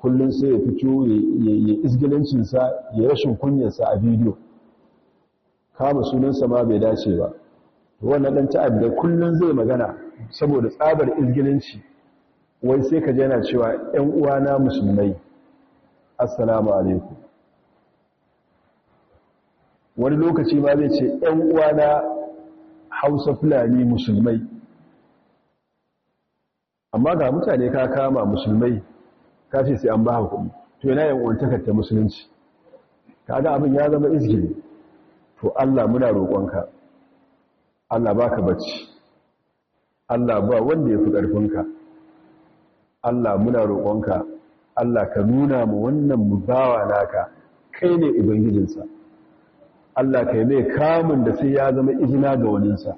kullum sai ya fito ya sa ya rashin kunyarsa a bidiyo kama sunansa ma bai dace ba wannan dan ta'adda kullum zai magana saboda tsabar izgilinci wai sai ka jana cewa ‘yan uwana musulmai assalamu alaikum wani lokaci ma zai ce ‘yan uwana hausa fulani musulmai amma ga mutane ka kama musulmai ka ce sai an ba hakuri to yana yin wantakar ta musulunci ka ga abin ya zama izgili to allah muna roƙonka allah ba ka bacci Allah ba wanda ya fi ƙarfinka Allah muna roƙonka Allah ka nuna mu wannan mubawa naka kai ne ubangijinsa Allah ka yi mai kamun da sai ya zama izina ga waninsa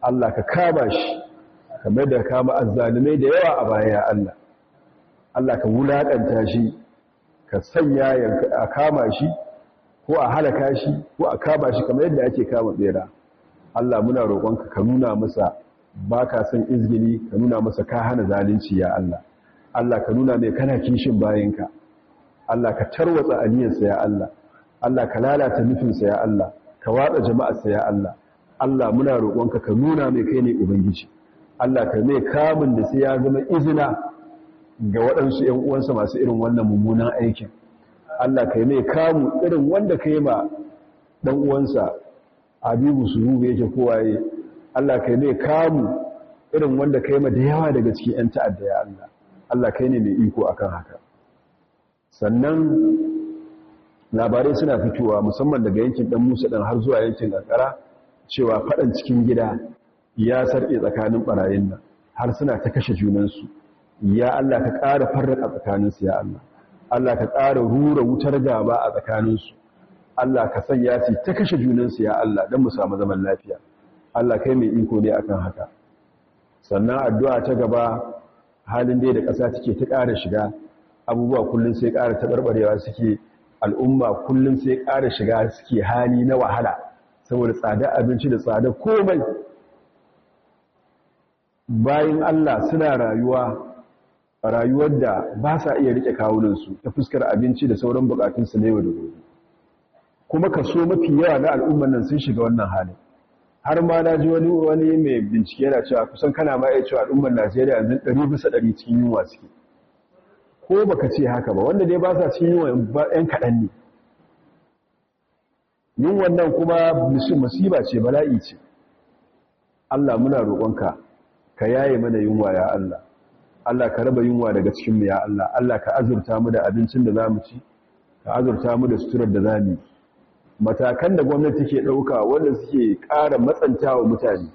Allah ka kama shi kamar da kama azzalumai da yawa a baya Allah Allah ka wulaƙanta shi ka sanya a kama shi ko a halaka shi ko a kama shi kamar yadda ake kama ɓera. Allah muna roƙonka ka nuna masa ba ka son izgini ka nuna masa ka hana zalunci ya Allah Allah ka nuna mai kana kishin bayanka Allah ka tarwatsa aliyarsa ya Allah Allah ka lalata nufinsa ya Allah ka watsa jama'arsa ya Allah Allah muna roƙonka ka nuna mai kai ne ubangiji Allah ka mai kamun da sai ya zama izina ga waɗansu ‘yan uwansa masu irin wannan mummunan aikin Allah ka mai kamun irin wanda ka yi ma ɗan uwansa abibu su rube yake kowaye Allah kai ne kamu irin wanda kai ma da yawa daga cikin ‘yan ta'adda ya Allah, Allah kai ne mai iko akan haka. Sannan labarai suna fitowa musamman daga yankin ɗan Musa dan har zuwa yankin ƙanƙara cewa faɗan cikin gida ya sarke tsakanin barayin nan har suna ta kashe junansu. Ya Allah ka ƙara tsakanin tsakaninsu ya Allah, Allah ka ƙara rura wutar gaba a tsakaninsu, Allah ka sanya su ta kashe junansu ya Allah dan mu samu zaman lafiya. Allah kai mai iko ne akan haka sannan addu'a ta gaba halin dai da ƙasa take ta ƙara shiga abubuwa kullum sai ƙara taɓarɓarewa suke al'umma kullum sai ƙara shiga suke hali na wahala saboda tsada abinci da tsada komai bayan Allah suna rayuwa rayuwar da ba sa iya riƙe kawunansu ta fuskar abinci da sauran buƙatunsu na yau da gobe kuma kaso mafi yawa na al'ummar nan sun shiga wannan halin har ma na ji wani wani mai bincike yana cewa kusan kana ma iya cewa al'ummar Najeriya yanzu 100 bisa 100 cikin yunwa suke ko baka ce haka ba wanda dai ba sa cikin yunwa ɗan kaɗan ne yunwan nan kuma musiba ce bala'i ce Allah muna roƙonka ka yaye mana yunwa ya Allah Allah ka raba yunwa daga cikin mu ya Allah Allah ka azurta mu da abincin da zamu ci ka azurta mu da suturar da zamu yi matakan da gwamnati ke ɗauka wanda suke ƙara matsantawa mutane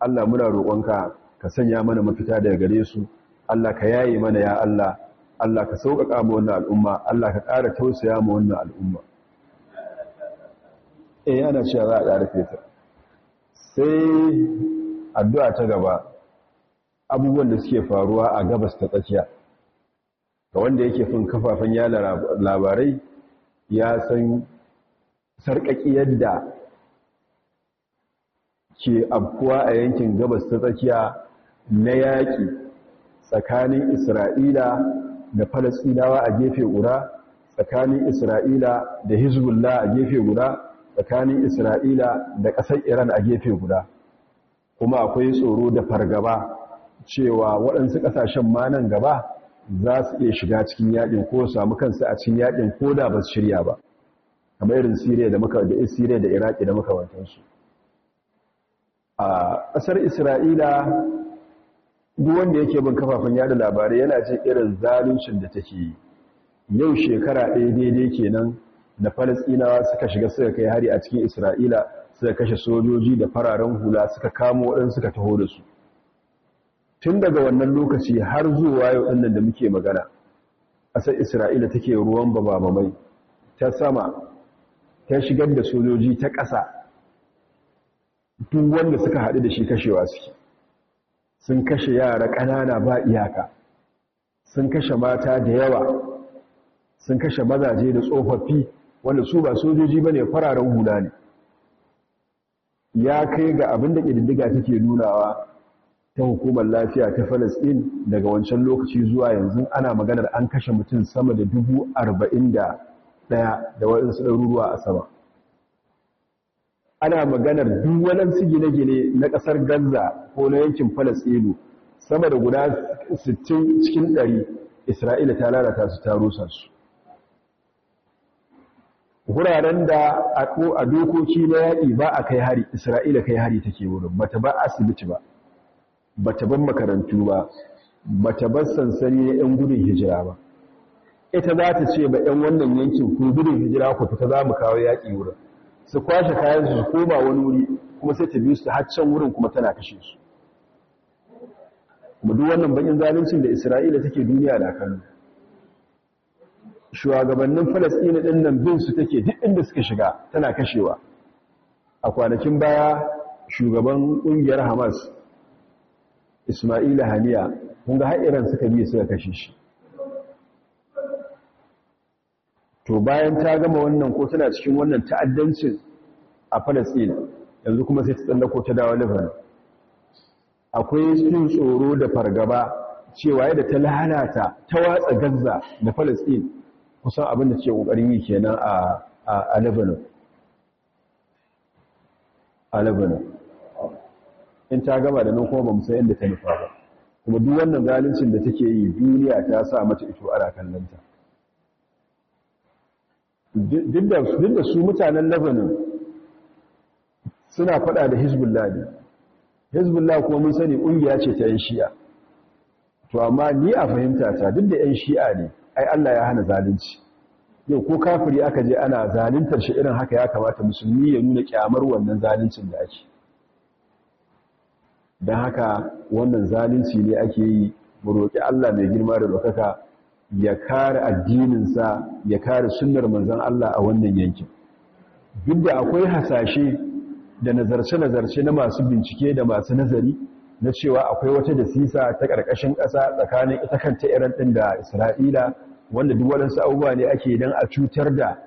Allah muna roƙonka ka sanya mana mafita daga gare su Allah ka yaye mana ya Allah Allah ka sauƙaƙa mu wannan al'umma Allah ka ƙara tausaya mu wannan al'umma eh ana cewa za a ƙara fita sai addu'a ta gaba abubuwan da suke faruwa a gabas ta tsakiya ga wanda yake fin kafafen yana labarai ya san Sarkaki yadda ke abkuwa a yankin gabas ta tsakiya na yaƙi tsakanin isra'ila da falasɗinawa a gefe guda tsakanin isra'ila da hezbollah a gefe guda tsakanin isra'ila da ƙasar iran a gefe guda kuma akwai tsoro da fargaba cewa waɗansu ƙasashen ma nan gaba za su iya shiga cikin yaƙin ko samu kansu a cikin yaƙin ko da ba su shirya ba kamar irin Syria da muka da Syria da Iraq da muka wancan su a ƙasar Isra'ila duk wanda yake bin kafafen yada labarai yana cin irin zaluncin da take yau shekara ɗaya daidai kenan da Falasɗinawa suka shiga suka kai hari a cikin Isra'ila suka kashe sojoji da fararen hula suka kamo waɗansu suka taho da su tun daga wannan lokaci har zuwa yau ɗin da muke magana ƙasar Isra'ila take ruwan bababamai ta sama ta shigar da sojoji ta ƙasa duk wanda suka haɗu da shi kashewa suke sun kashe yara ƙanana ba iyaka sun kashe mata da yawa sun kashe mazaje da tsofaffi wanda su ba sojoji ba ne fararen hula ne ya kai ga abin da ƙididdiga take nunawa ta hukumar lafiya ta falasɗin daga wancan lokaci zuwa yanzu ana maganar an kashe mutum sama da dubu arba'in da ɗaya da waɗansu ɗaruruwa a sama ana maganar duk gine-gine na ƙasar gaza ko na yankin falasɗinu sama da guda 60 cikin 100 isra'ila ta lalata su ta rusa su wuraren da a dokoki na yaƙi ba a kai hari isra'ila kai hari take wurin bata ba asibiti ba bata ban makarantu ba bata ban sansani na 'yan gudun hijira ba ita za ta ce ba 'yan wannan yankin ku biri hijira ku fita za mu kawo yaƙi wurin su kwashe kayan su koma wani wuri kuma sai ta biyu su haccan wurin kuma tana kashe su mu duk wannan bakin zaluncin da isra'ila take duniya da kanu shugabannin falasɗina ɗin nan bin su take duk inda suka shiga tana kashewa a kwanakin baya shugaban ƙungiyar hamas ismaila haniya kun ga har iran suka biyu suka kashe shi to bayan ta gama wannan ko tana cikin wannan ta'addancin a Palestine, yanzu kuma sai ta tsallako ta dawo lebanon akwai cikin tsoro da fargaba cewa yadda ta lalata ta watsa gazza da Palestine kusan abin da ce ƙoƙarin yi kenan a lebanon a lebanon in ta gama da nan kuma ba san inda ta nufa ba kuma duk wannan zaluncin da take yi duniya ta sa mata ito ana kallonta duk su mutanen lebanon suna fada da hezbollah ne hezbollah kuma mun sani ƙungiya ce ta 'yan shi'a to amma ni a fahimta ta duk 'yan shi'a ne ai allah ya hana zalunci yau ko kafiri aka je ana zaluntar shi irin haka ya kamata musulmi ya nuna kyamar wannan zaluncin da ake don haka wannan zalunci ne ake yi mu roƙi allah mai girma da ɗaukaka ya kare addininsa ya kare sunnar manzon Allah a wannan yankin duk da akwai hasashe da nazarce-nazarce na masu bincike da masu nazari na cewa akwai wata dasisa ta ƙarƙashin ƙasa tsakanin ita kanta iran ɗin da isra'ila wanda duk waɗansu abubuwa ne ake don a cutar da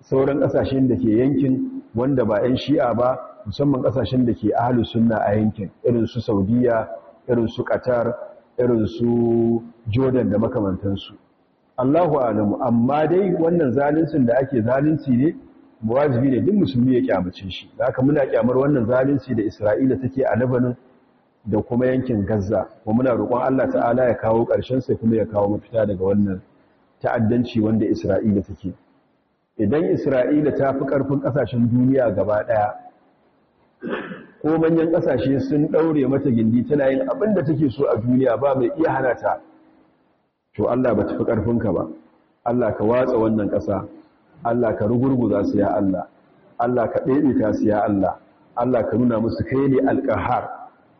sauran ƙasashen da ke yankin wanda ba 'yan shi'a ba musamman ƙasashen da ke ahalu sunna a yankin irin su saudiya irin su qatar irin su jordan da makamantansu allahu alamu amma dai wannan zalincin da ake zalunci ne wajibi ne duk musulmi ya kyamace shi haka muna kyamar wannan zalunci da isra'ila take a lebanon da kuma yankin gaza wa muna roƙon allah ta'ala ya kawo ƙarshen sai kuma ya kawo mafita daga wannan ta'addanci wanda isra'ila take idan isra'ila ta fi ƙarfin ƙasashen duniya gaba ɗaya ko manyan ƙasashe sun ɗaure mata gindi tana yin abin da take so a duniya ba mai iya hana ta to Allah ba tafi ƙarfinka ba Allah ka watsa wannan ƙasa Allah ka rugurguza su ya Allah Allah ka ɗebe ta su ya Allah Allah ka nuna musu kai ne alƙahar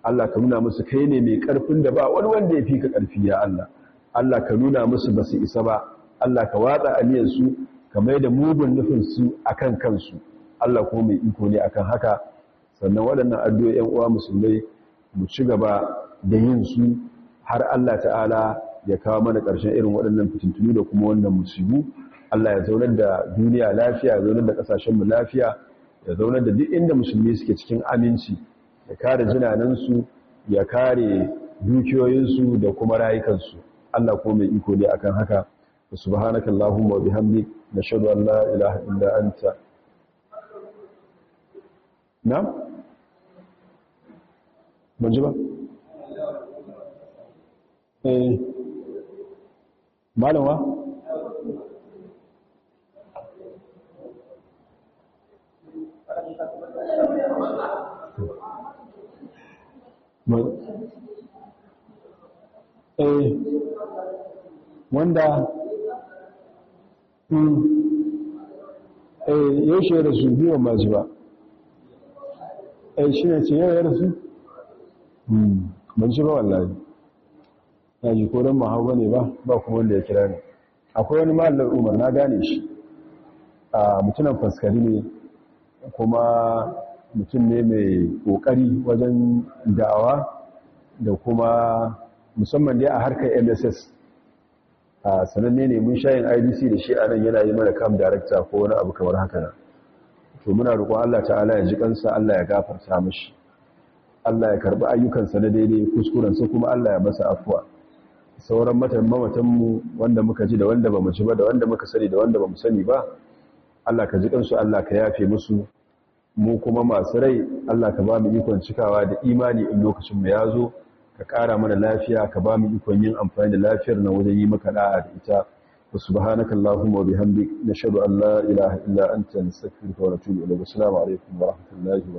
Allah ka nuna musu kai ne mai ƙarfin da ba wani wanda ya fi ka ƙarfi ya Allah Allah ka nuna musu ba su isa ba Allah ka watsa aliyansu ka mai da mugun nufinsu a kan kansu Allah kuma mai iko ne akan haka sannan waɗannan addu'o'i ‘yan uwa musulmai mu ci gaba da yin su har Allah ta'ala ya kawo mana ƙarshen irin waɗannan fitintunu da kuma wannan musibu Allah ya zaunar da duniya lafiya ya zaunar da ƙasashenmu lafiya ya zaunar da duk inda musulmi suke cikin aminci ya kare jinanansu ya kare dukiyoyinsu da kuma rayukansu Allah kuma mai iko ne akan haka subhanaka allahumma wa bihamdik nashhadu an la ilaha illa anta ba ji ba eh malawa eh wanda hmm, eh yaushe da su biyu ba ji ba eh shi ne ce yau ya rasu Hmm. ban shi ba wallahi na ji ko don mahawa ne ba ba kuma wanda ya kira ni akwai wani malar umar na gane shi a ah, mutunan faskari ne kuma mutum ne mai kokari wajen da'awa da kuma musamman dai a harkar mss a ah, sananne ne mun shayin idc da shi a nan yana yi mana kam director ko wani abu kamar haka na to muna roƙon allah ta'ala ya ji kansa allah ya gafarta mashi Allah ya karbi ayyukansa na daidai kuskurensa kuma Allah ya masa afuwa sauran mu wanda muka ji da wanda ba mu ji ba da wanda muka sani da wanda ba mu sani ba Allah ka ji kansu Allah ka yafe musu mu kuma masu rai Allah ka ba mu ikon cikawa da imani in lokacin mu ya zo ka ƙara mana lafiya ka ba mu ikon yin amfani da lafiyar nan wajen yi maka da'a da ita wa subhanaka allahumma wa bihamdik nashhadu an la ilaha illa anta nastaghfiruka wa natubu ilayk assalamu alaikum wa rahmatullahi wa